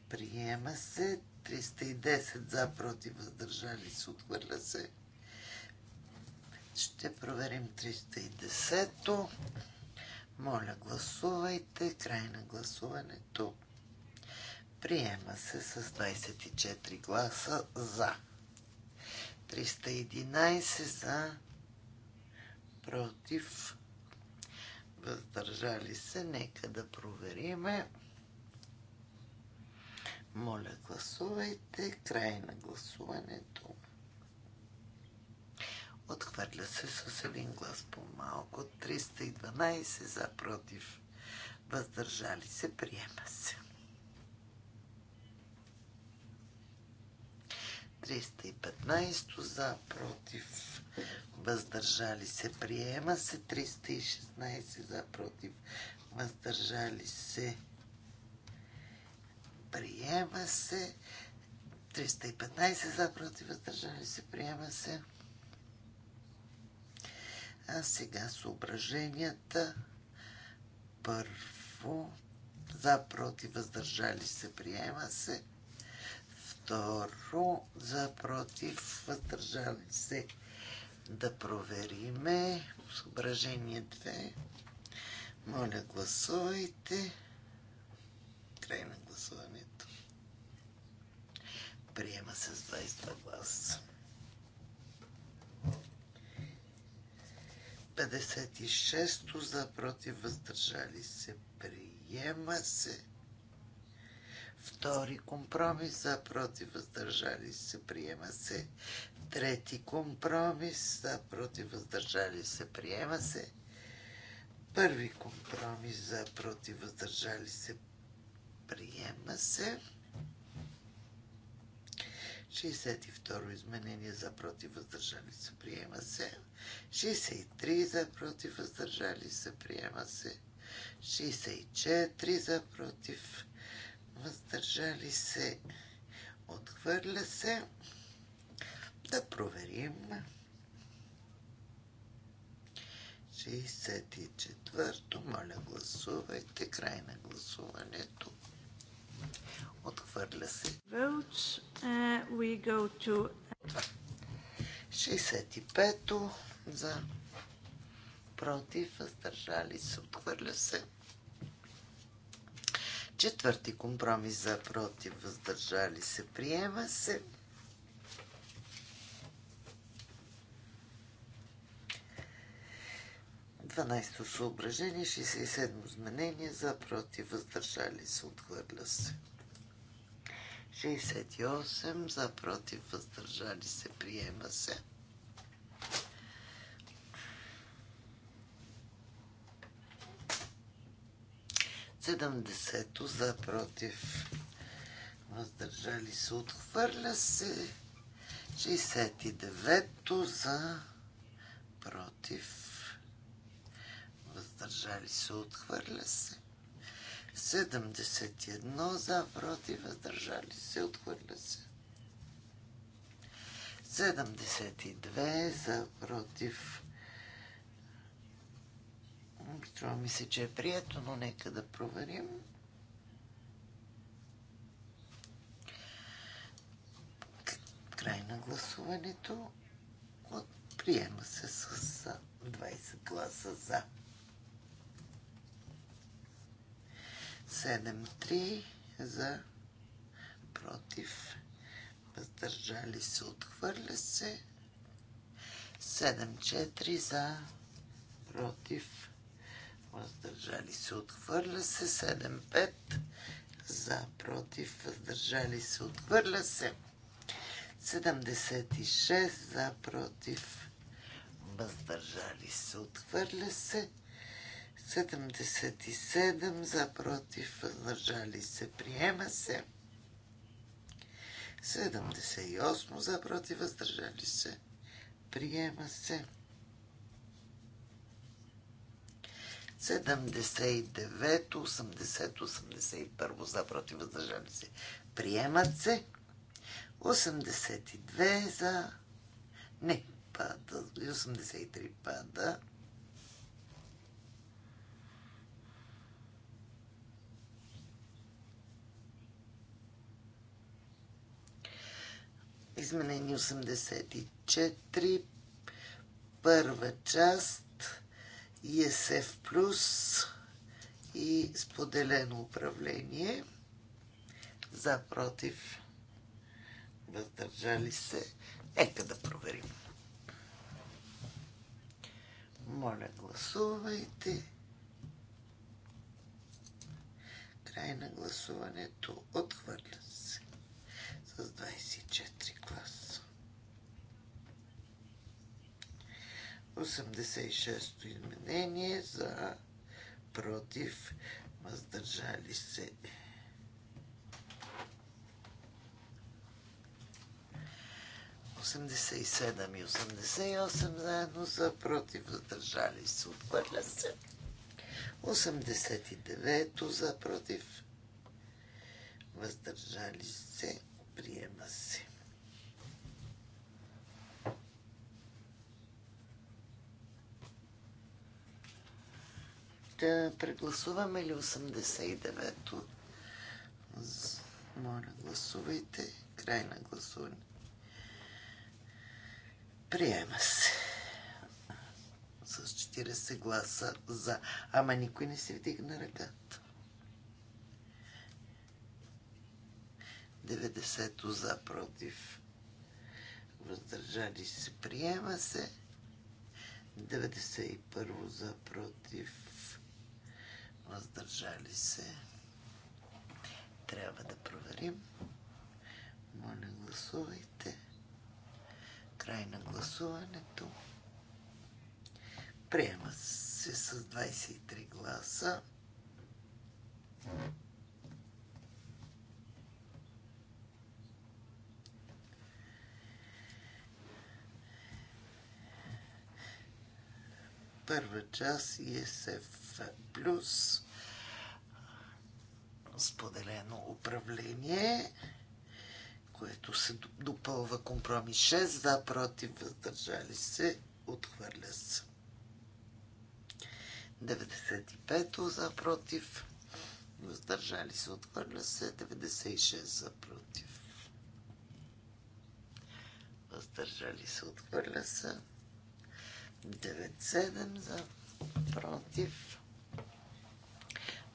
приема се 310 за против въздържали се отхвърля се ще проверим 310-то. Моля, гласувайте. Край на гласуването. Приема се с 24 гласа за. 311 за. Против. Въздържали се. Нека да провериме. Моля, гласувайте. Край на гласуването. Отхвърля се с един глас по-малко. 312 за против. Въздържали се. Приема се. 315 за против. Въздържали се. Приема се. 316 за против. Въздържали се. Приема се. 315 за против. Въздържали се. Приема се. А сега съображенията. Първо, за против въздържали се, приема се. Второ, за против въздържали се. Да провериме. Съображение 2. Моля, гласувайте. Край на гласуването. Приема се с 22 гласа. 56 за против въздържали се приема се. Втори компромис за против въздържали се приема се. Трети компромис за против въздържали се приема се. Първи компромис за против въздържали се приема се. 62 изменение за против въздържали се приема се. 63 за против въздържали се приема се. 64 за против въздържали се отхвърля се. Да проверим. 64 моля гласувайте край на гласуването. Отхвърля се. Votes, uh, we go to... 65-то за против, въздържали се, отхвърля се. Четвърти компромис за против, въздържали се, приема се. Дванайсто съображение, 67 изменение за против, въздържали се, отхвърля се. 68 за против въздържали се приема се. Седемдесето за против въздържали се отхвърля се. 69-то за против въздържали се отхвърля се. 71 за, против, въздържали се, отхвърля се. 72 за, против. Струва ми се, че е прието, но нека да проверим. Край на гласуването. Приема се с 20 гласа за. 7-3 за против. Въздържали се, отхвърля се. 7-4 за против. Въздържали се, отхвърля се. 7-5 за против. Въздържали се, отхвърля се. 76 за против. Въздържали се, отхвърля се. 77 за против въздържали се приема се. 78 за против въздържали се приема се. 79, 80, 81 за против въздържали се приемат се. 82 за... Не, пада. 83 пада. Изменение 84. Първа част. ESF плюс и споделено управление. За, против, въздържали се. Нека да проверим. Моля, гласувайте. Край на гласуването. Отхвърля се с 24 клас. 86-то изменение за против въздържали се. Осемдесет и седем и осемдесет и осем заедно за против въздържали се. Отхвърля се. 89 за против въздържали се. Приема се. Да прегласуваме ли 89-то? Моля, гласувайте. Край на гласуване. Приема се. С 40 гласа за. Ама никой не се вдигна ръката. 90-то за против. Въздържали се. Приема се. 91 за против. Въздържали се. Трябва да проверим. Моля, гласувайте. Край на гласуването. Приема се с 23 гласа. първа част ИСФ плюс споделено управление, което се допълва компромис 6, за, против, въздържали се, отхвърля се. 95 за, против, въздържали се, отхвърля се, 96 за, против. Въздържали се, отхвърля се. 9-7 за против.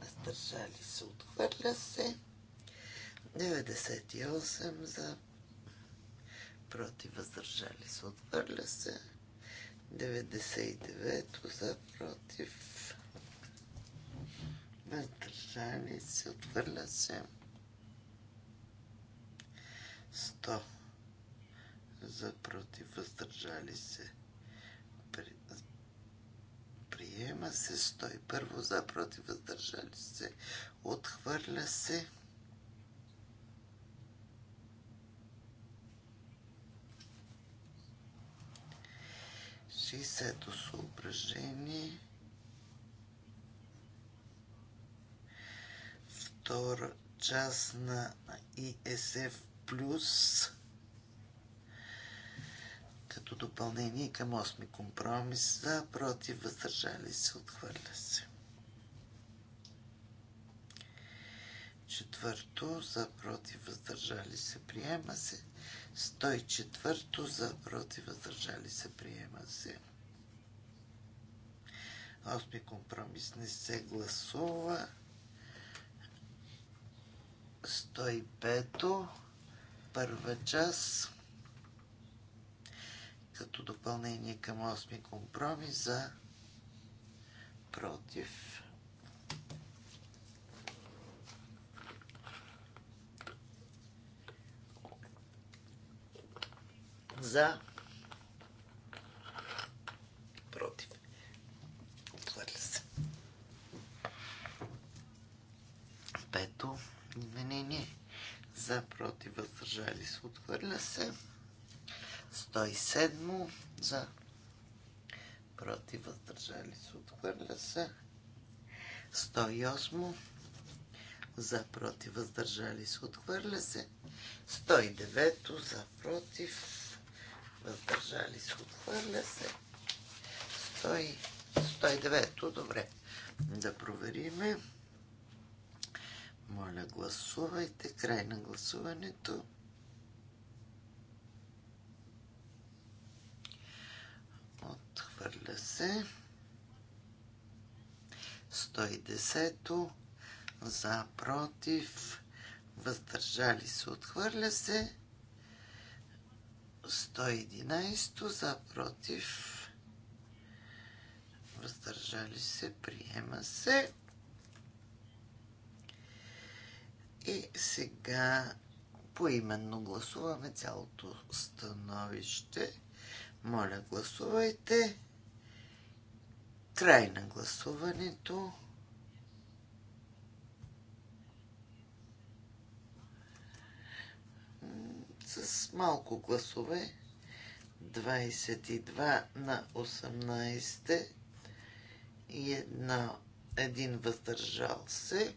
Въздържали се, отхвърля се. 98 за против, въздържали се, отхвърля се. 99 за против. Въздържали се, отхвърля се. 100 за против, въздържали се. Приема се 101 за против въздържали се. Отхвърля се. Шисето съображение. Втора част на ИСФ плюс като допълнение към 8 компромис за, против, въздържали се, отхвърля се. Четвърто за, против, въздържали се, приема се. четвърто за, против, въздържали се, приема се. Осми компромис не се гласува. 105 първа част като допълнение към 8 компромис за против. За против. Отхвърля се. Пето обвинение за против въздържали се. Отхвърля се. 107 за против въздържали се отхвърля се 108 за против въздържали се отхвърля се 109 за против въздържали се отхвърля се 109 добре да провериме моля гласувайте край на гласуването Отхвърля се. 110 за, против, въздържали се, отхвърля се. 111 за, против, въздържали се, приема се. И сега поименно гласуваме цялото становище. Моля, гласувайте. Край на гласуването. С малко гласове. 22 на 18 и една, един въздържал се.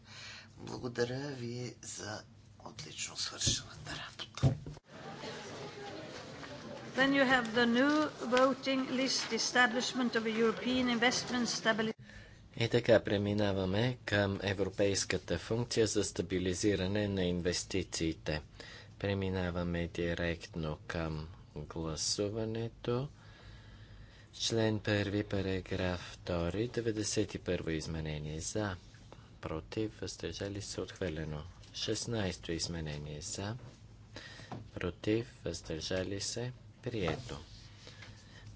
Благодаря ви за отлично свършената. Then you have the new voting list, establishment of a European investment stability. И така преминаваме към Европейската функция за стабилизиране на инвестициите. Преминаваме директно към гласуването. Член 1, параграф 2, 91 изменение за, против, въздържали се отхвърлено. 16 изменение за, против, въздържали се, Прието.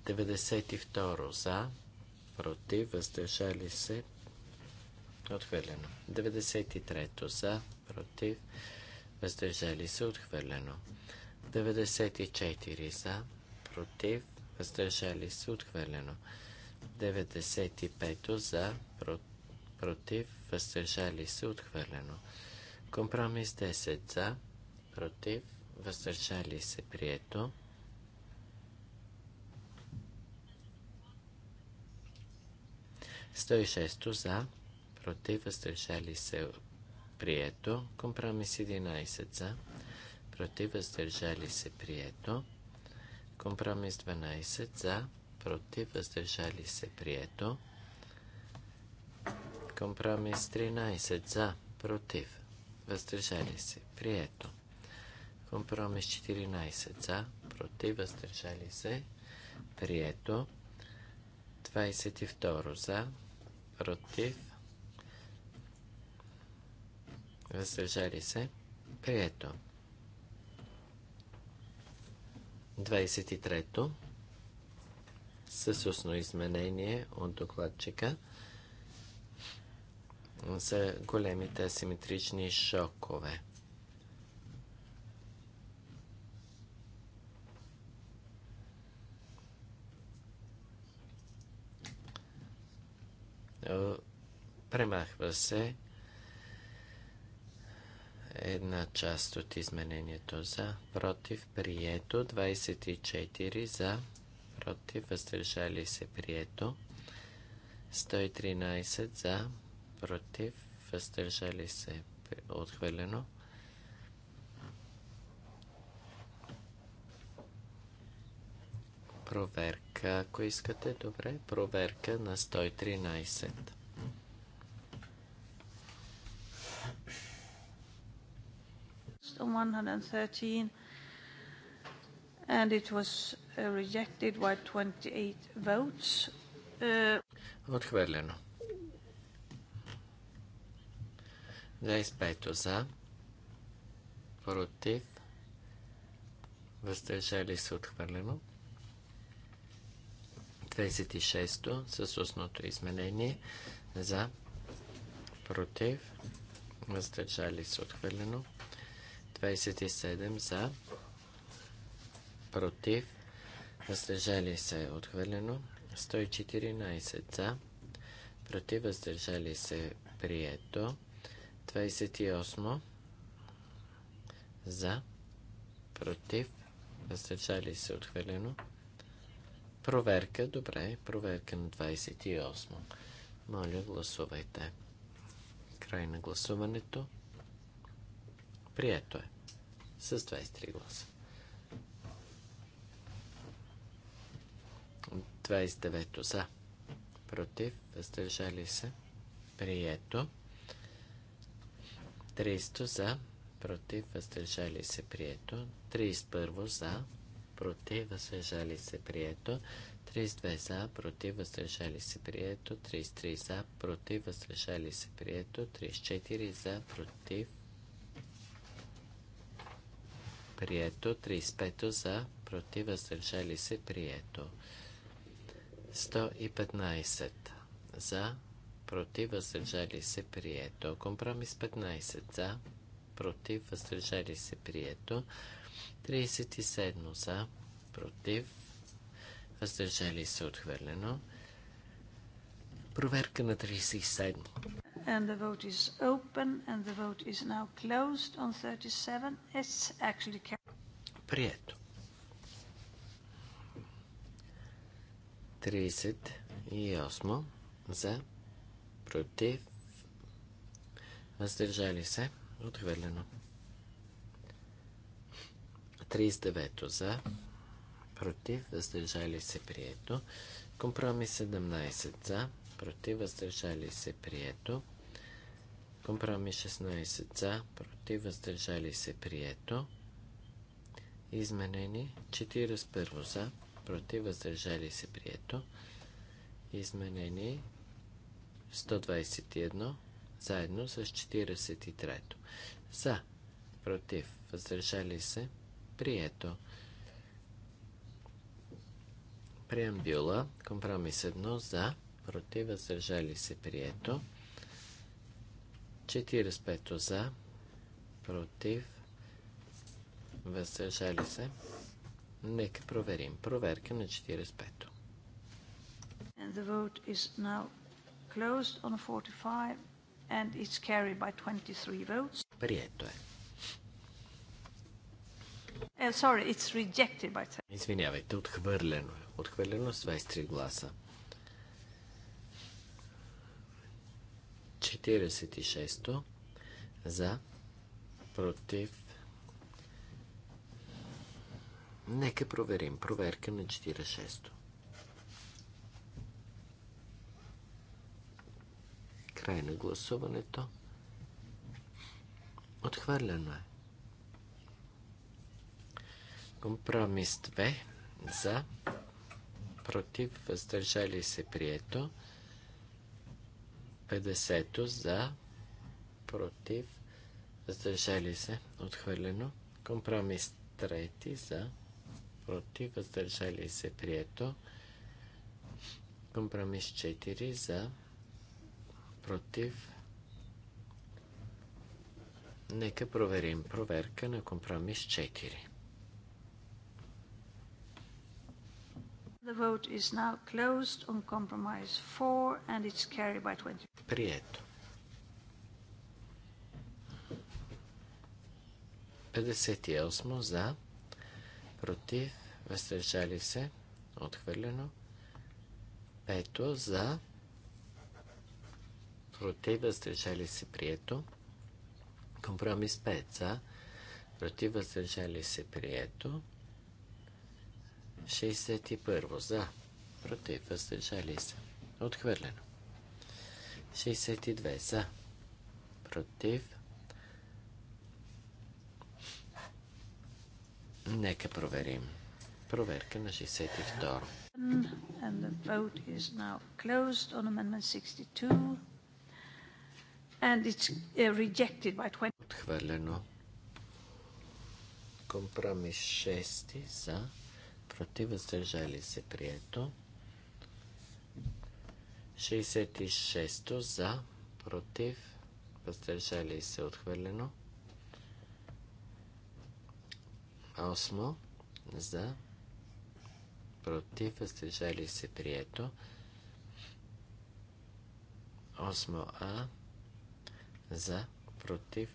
92 за, против, въздържали се, отхвърлено. 93 за, против, въздържали се, отхвърлено. 94 за, против, въздържали се, отхвърлено. 95 за, против, въздържали се, отхвърлено. Компромис 10 за, против, въздържали се, прието. 106 за, против, въздържали се, прието. Компромис 11 за, против, въздържали се, прието. Компромис 12 за, против, въздържали се, прието. Компромис 13 за, против, въздържали се, прието. Компромис 14 за, против, въздържали се, прието. 22 за, против, въздържали се, прието. 23-то с устно изменение от докладчика за големите асиметрични шокове. Е, премахва се една част от изменението за, против, прието, 24 за, против, въздържали се, прието, 113 за, против, въздържали се, отхвърлено, Проверка, ако искате, добре. Проверка на 113. and it was uh, rejected by 28 votes. Uh... Отхвърлено. 25 за, против, въздържали се отхвърлено. 26 с устното изменение за, против, въздържали се отхвърлено. 27 за, против, въздържали се отхвърлено. 114 за, против, въздържали се прието. 28 за, против, въздържали се отхвърлено. Проверка, добре, проверка на 28. Моля, гласувайте. Край на гласуването. Прието е. С 23 гласа. 29 за. Против. Въздържали се. Прието. 300 за. Против. Въздържали се. Прието. 31 за против, въздържали се, прието. 32 за, против, въздържали се, прието. 33 за, против, въздържали се, прието. 34 за, против, прието. 35 за, против, въздържали се, прието. 115 за, против, въздържали се, прието. Компромис 15 за, против, въздържали се, прието. 37 за, против, въздържали се отхвърлено. Проверка на 37. And the vote is open and the vote is now closed on 37. It's actually Прието. 38 за, против, въздържали се, отхвърлено. 39 за, против, въздържали се, прието. Компромис 17 за, против, въздържали се, прието. Компромис 16 за, против, въздържали се, прието. Изменени 41 за, против, въздържали се, прието. Изменени 121 заедно с 43. За, против, въздържали се, прието Прието. Преамбюла. Компромис едно за. Против. Въздържали се. Прието. 45 за. Против. Въздържали се. Нека проверим. Проверка на 45-то. And the vote is now closed on 45 and it's carried by 23 votes. Прието е. Eh, sorry, it's rejected by... Извинявайте, отхвърлено. е. Отхвърлено с 23 гласа. 46-то за против. Нека проверим. Проверка на 46-то. Край на гласуването. Отхвърлено е. Компромис 2 за, против, въздържали се прието. 50 за, против, въздържали се, отхвърлено. Компромис 3 за, против, въздържали се прието. Компромис 4 за, против. Нека проверим проверка на компромис 4. The vote is now closed on compromise 4 and it's carried by 20. Прието. 58 за, против, въздържали се, отхвърлено. Пето за, против, въздържали се, прието. Компромис 5 за, против, въздържали се, прието. 61 за, против, въздържали се. Отхвърлено. 62 за, против. Нека проверим. Проверка на 62. And the vote is now closed on amendment 62. And it's uh, rejected by 20. Отхвърлено. Компромис 6 за против, въздържали се, прието. 66 за, против, въздържали се, отхвърлено. 8 за, против, въздържали се, прието. 8а за, против,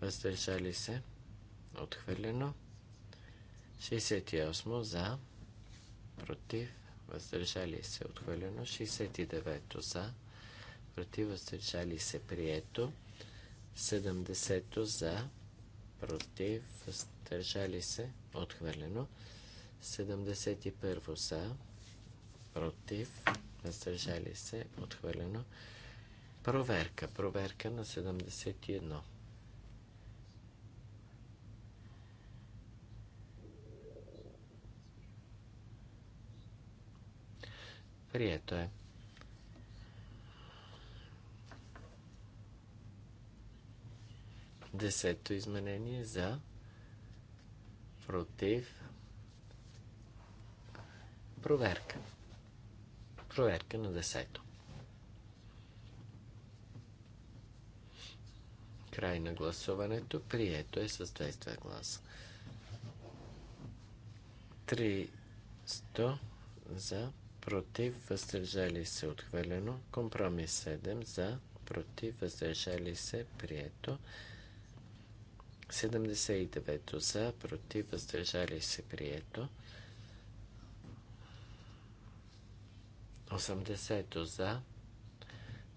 въздържали се, отхвърлено. 68 за, против, въздържали се, отхвърлено. 69 за, против, въздържали се, прието. 70 за, против, въздържали се, отхвърлено. 71 за, против, въздържали се, отхвърлено. Проверка, проверка на 71. Прието е. Десето изменение за против проверка. Проверка на десето. Край на гласуването. Прието е с 22 гласа. 300 за против, въздържали се, отхвърлено. Компромис 7 за, против, въздържали се, прието. 79 за, против, въздържали се, прието. 80 за,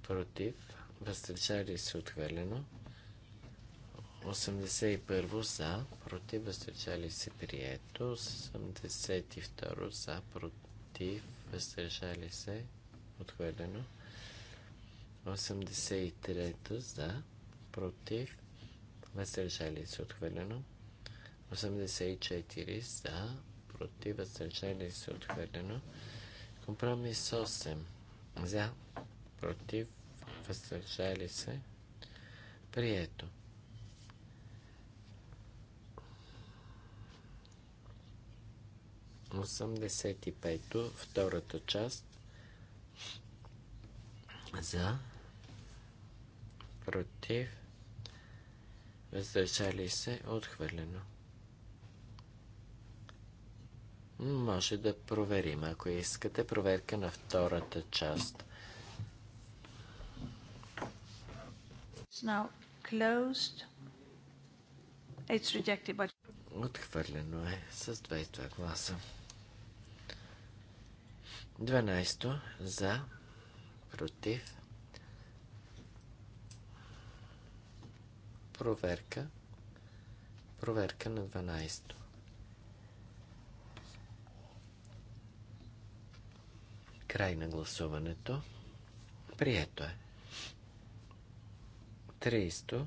против, въздържали се, отхвърлено. 81 за, против, въздържали се, прието. 82 за, против, въздържали се, отхвърлено. 83-то за, против, въздържали се, отхвърлено. 84 за, против, въздържали се, отхвърлено. Компромис 8 за, против, въздържали се, прието. 85-то, втората част за против въздържали се отхвърлено. Може да проверим, ако искате, проверка на втората част. Отхвърлено е с 22 гласа. 12 за, против, проверка, проверка на 12 Край на гласуването. Прието е. 30,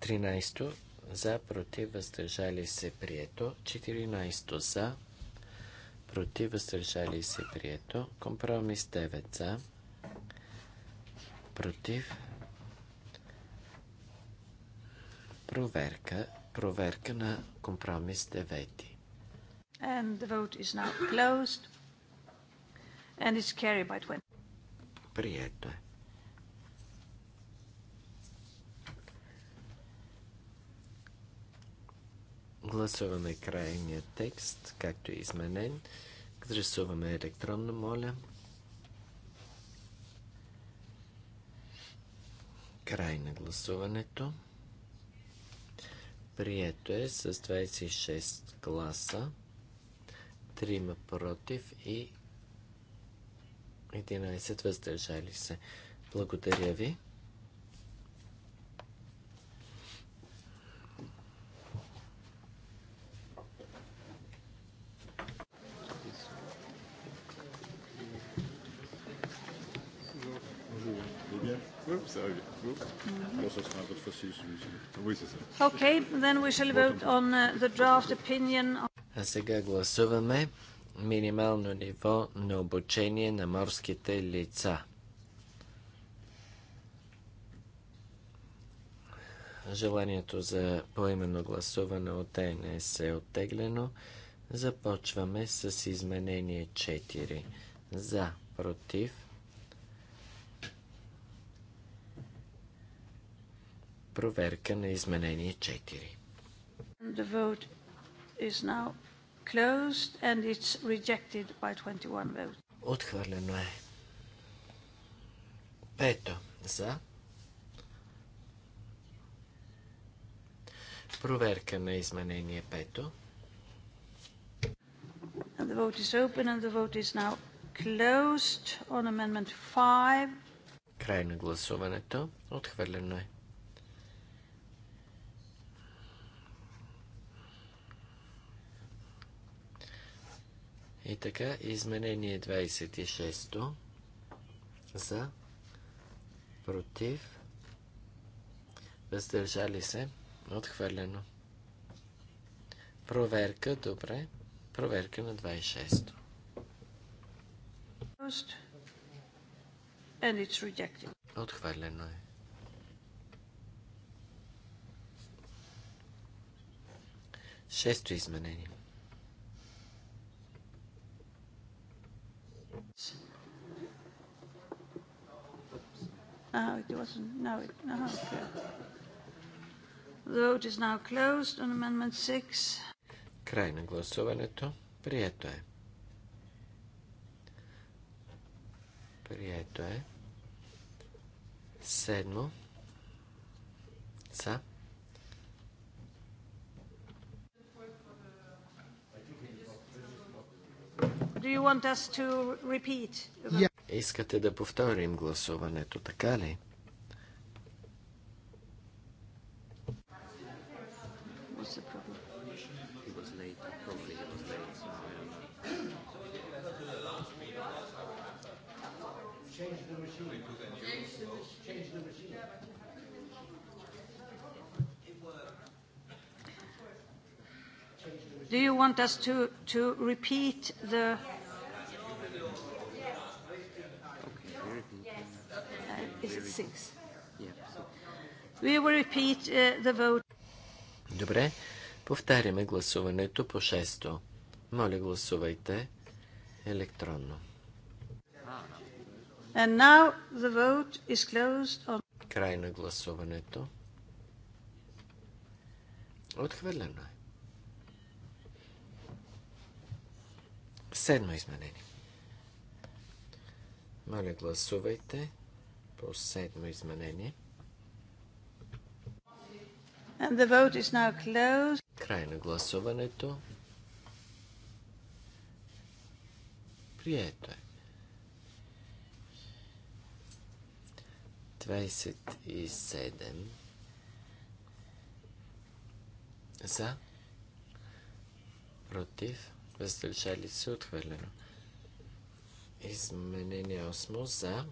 13 за, против, въздържали се, прието. 14 за, против, въздържали се, прието. Компромис 9 за, против, проверка, проверка на компромис 9. And the vote is now closed. And it's carried by 20. Прието е. Гласуваме крайния текст, както е изменен. Рисуваме електронно, моля. Край на гласуването. Прието е с 26 гласа, 3 против и 11 въздържали се. Благодаря ви. Mm-hmm. А сега гласуваме минимално ниво на обучение на морските лица. Желанието за поименно гласуване от ДНС е оттеглено. Започваме с изменение 4. За, против, проверка на изменение 4. The vote is now closed and it's rejected by 21 votes. Отхвърлено е. Пето за проверка на изменение пето. And the vote is open and the vote is now closed on amendment 5. Край на гласуването. Отхвърлено е. И така, изменение 26 за, против, въздържали се, отхвърлено. Проверка, добре, проверка на 26-то. Отхвърлено е. Шесто изменение. Oh, it wasn't. No, it, no, okay. The vote is now closed on Amendment 6. Край на гласуването. Прието е. Прието е. Седмо. За. Искате да повторим гласуването, така ли? Do you want us to, to repeat the... Uh, uh, Добре, повтаряме гласуването по шесто. Моля, гласувайте електронно. And now the vote is closed on... Край на гласуването. Отхвърлено е. Седмо изменение. Моля, гласувайте по седмо изменение. And the vote is now closed. Край на гласуването. Прието е. 27 за против въздържали се, отхвърлено. Изменение 8 за,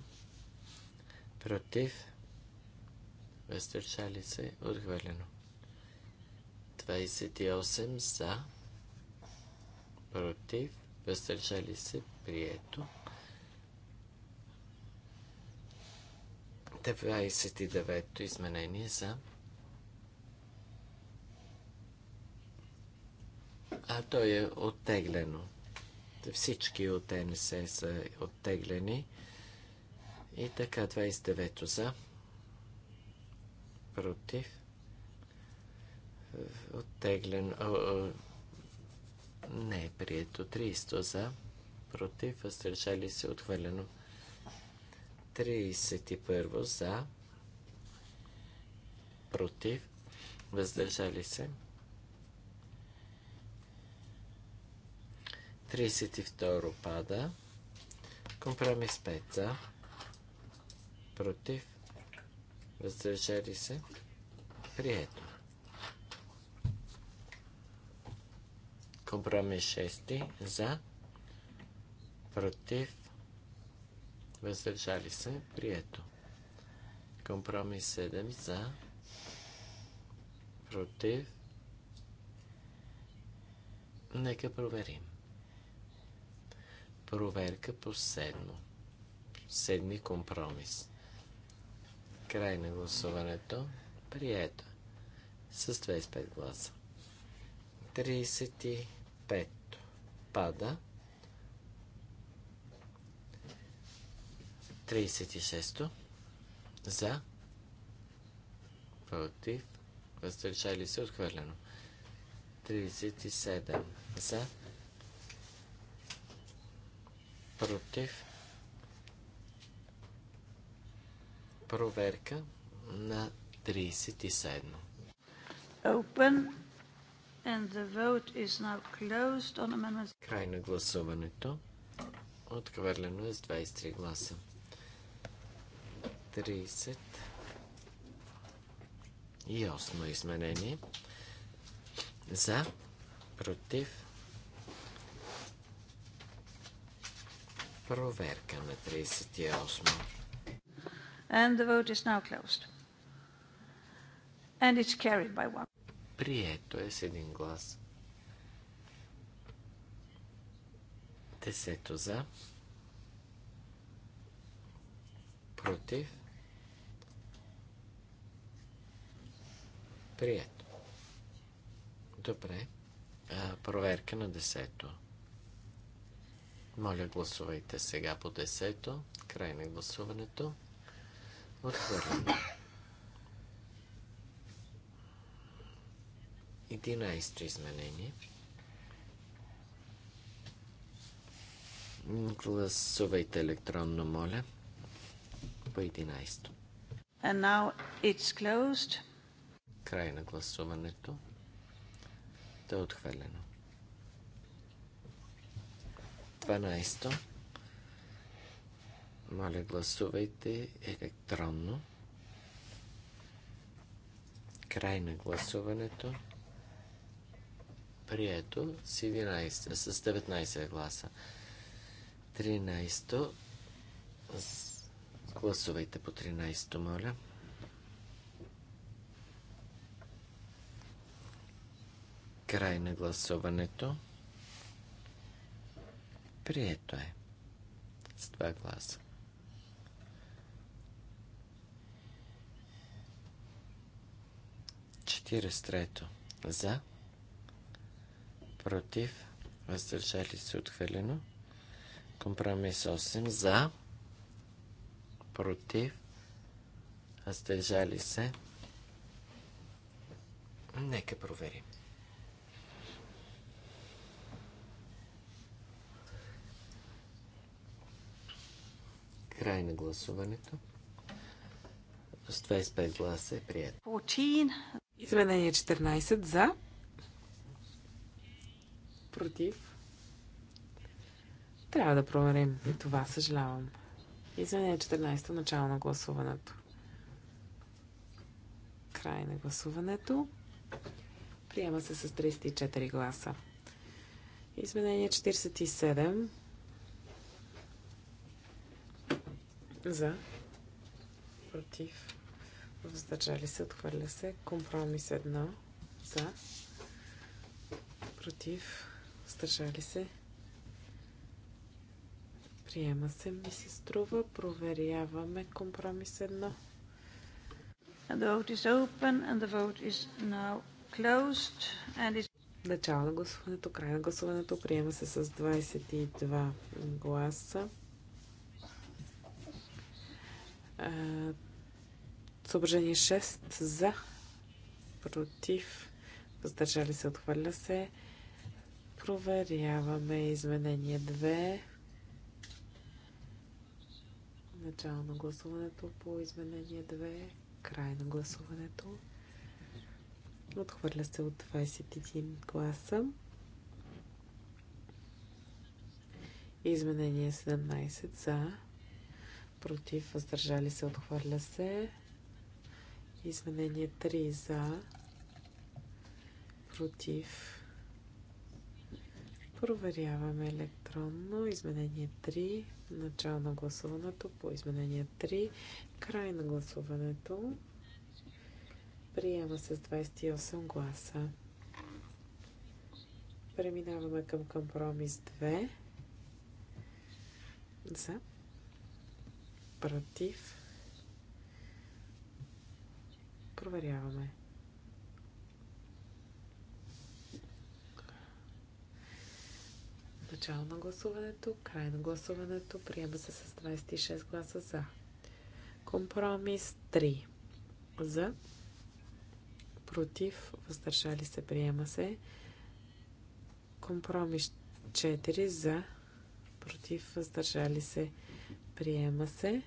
против, въздържали се, отхвърлено. 28 за, против, въздържали се, прието. 29 изменение за, А то е оттеглено. Всички от НС са оттеглени. И така, 29 за. Против. Оттеглен. О, о, не е прието. 300 за. Против. Въздържали се. Отхвърлено. 31 за. Против. Въздържали се. 32 пада. Компромис 5 за. Против. Въздържали се. Прието. Компромис 6 за. Против. Въздържали се. Прието. Компромис 7 за. Против. Нека проверим. Проверка по седмо. Седми компромис. Край на гласуването. Прието. С 25 гласа. 35. Пада. 36. За. Против. Въздържали се. Отхвърлено. 37. За против. Проверка на 37. Open and the vote is now closed on amendment. Край на гласуването. Отхвърлено е с 23 гласа. 30 и 8 изменение. За, против, Проверка на 38. And the vote is now closed. And it's carried by one. Прието е с един глас. Десето за. Против. Прието. Добре. А, проверка на десето. Моля, гласувайте сега по десето. Край на гласуването. Отхвърлено. 11 изменение. Гласувайте електронно, моля. По 11. And now it's closed. Край на гласуването. То е отхвърлено. 12. Моля, гласувайте електронно. Край на гласуването. Прието с 11, с 19 гласа. 13. Гласувайте по 13, моля. Край на гласуването. Прието е. С два гласа. Четирес трето. За. Против. Въздържали се отхвърлено. Компромис 8. За. Против. Въздържали се. Нека проверим. Край на гласуването. С 25 гласа е прието. Изменение 14 за. Против. Трябва да проверим и това, съжалявам. Изменение 14 начало на гласуването. Край на гласуването. Приема се с 34 гласа. Изменение 47 За. Против. Въздържали се. Отхвърля се. Компромис 1. За. Против. Въздържали се. Приема се, ми се струва. Проверяваме компромис 1. And the vote is open and the vote is now closed. And it's... Начало на гласуването, край на гласуването приема се с 22 гласа. Съображение 6 за, против, въздържали се, отхвърля се. Проверяваме изменение 2. Начало на гласуването по изменение 2. Край на гласуването. Отхвърля се от 21 гласа. Изменение 17 за против, въздържали се, отхвърля се. Изменение 3 за, против. Проверяваме електронно. Изменение 3. Начало на гласуването по изменение 3. Край на гласуването. Приема се с 28 гласа. Преминаваме към компромис 2. За против. Проверяваме. Начало на гласуването, край на гласуването, приема се с 26 гласа за. Компромис 3. За. Против. Въздържали се. Приема се. Компромис 4. За. Против. Въздържали се. Приема се.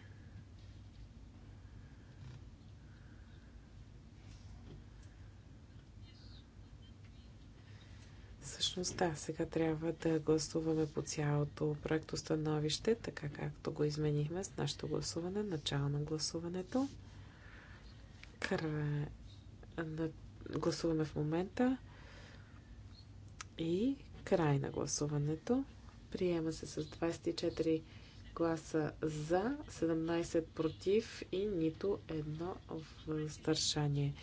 Всъщност да, сега трябва да гласуваме по цялото проекто становище, така както го изменихме с нашето гласуване, начало на гласуването. Край... На... Гласуваме в момента и край на гласуването. Приема се с 24 гласа за, 17 против и нито едно въздържание.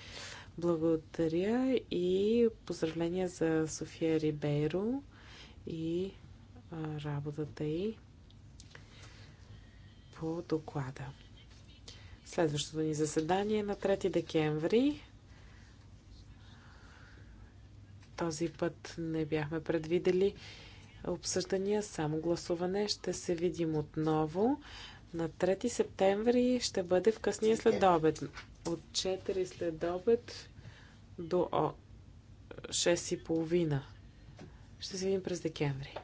Благодаря и поздравления за София Рибейро и работата й по доклада. Следващото ни заседание е на 3 декември. Този път не бяхме предвидели обсъждания, само гласуване. Ще се видим отново. На 3 септември ще бъде в късния следобед. От 4 следобед до 6 и половина. Ще се видим през декември.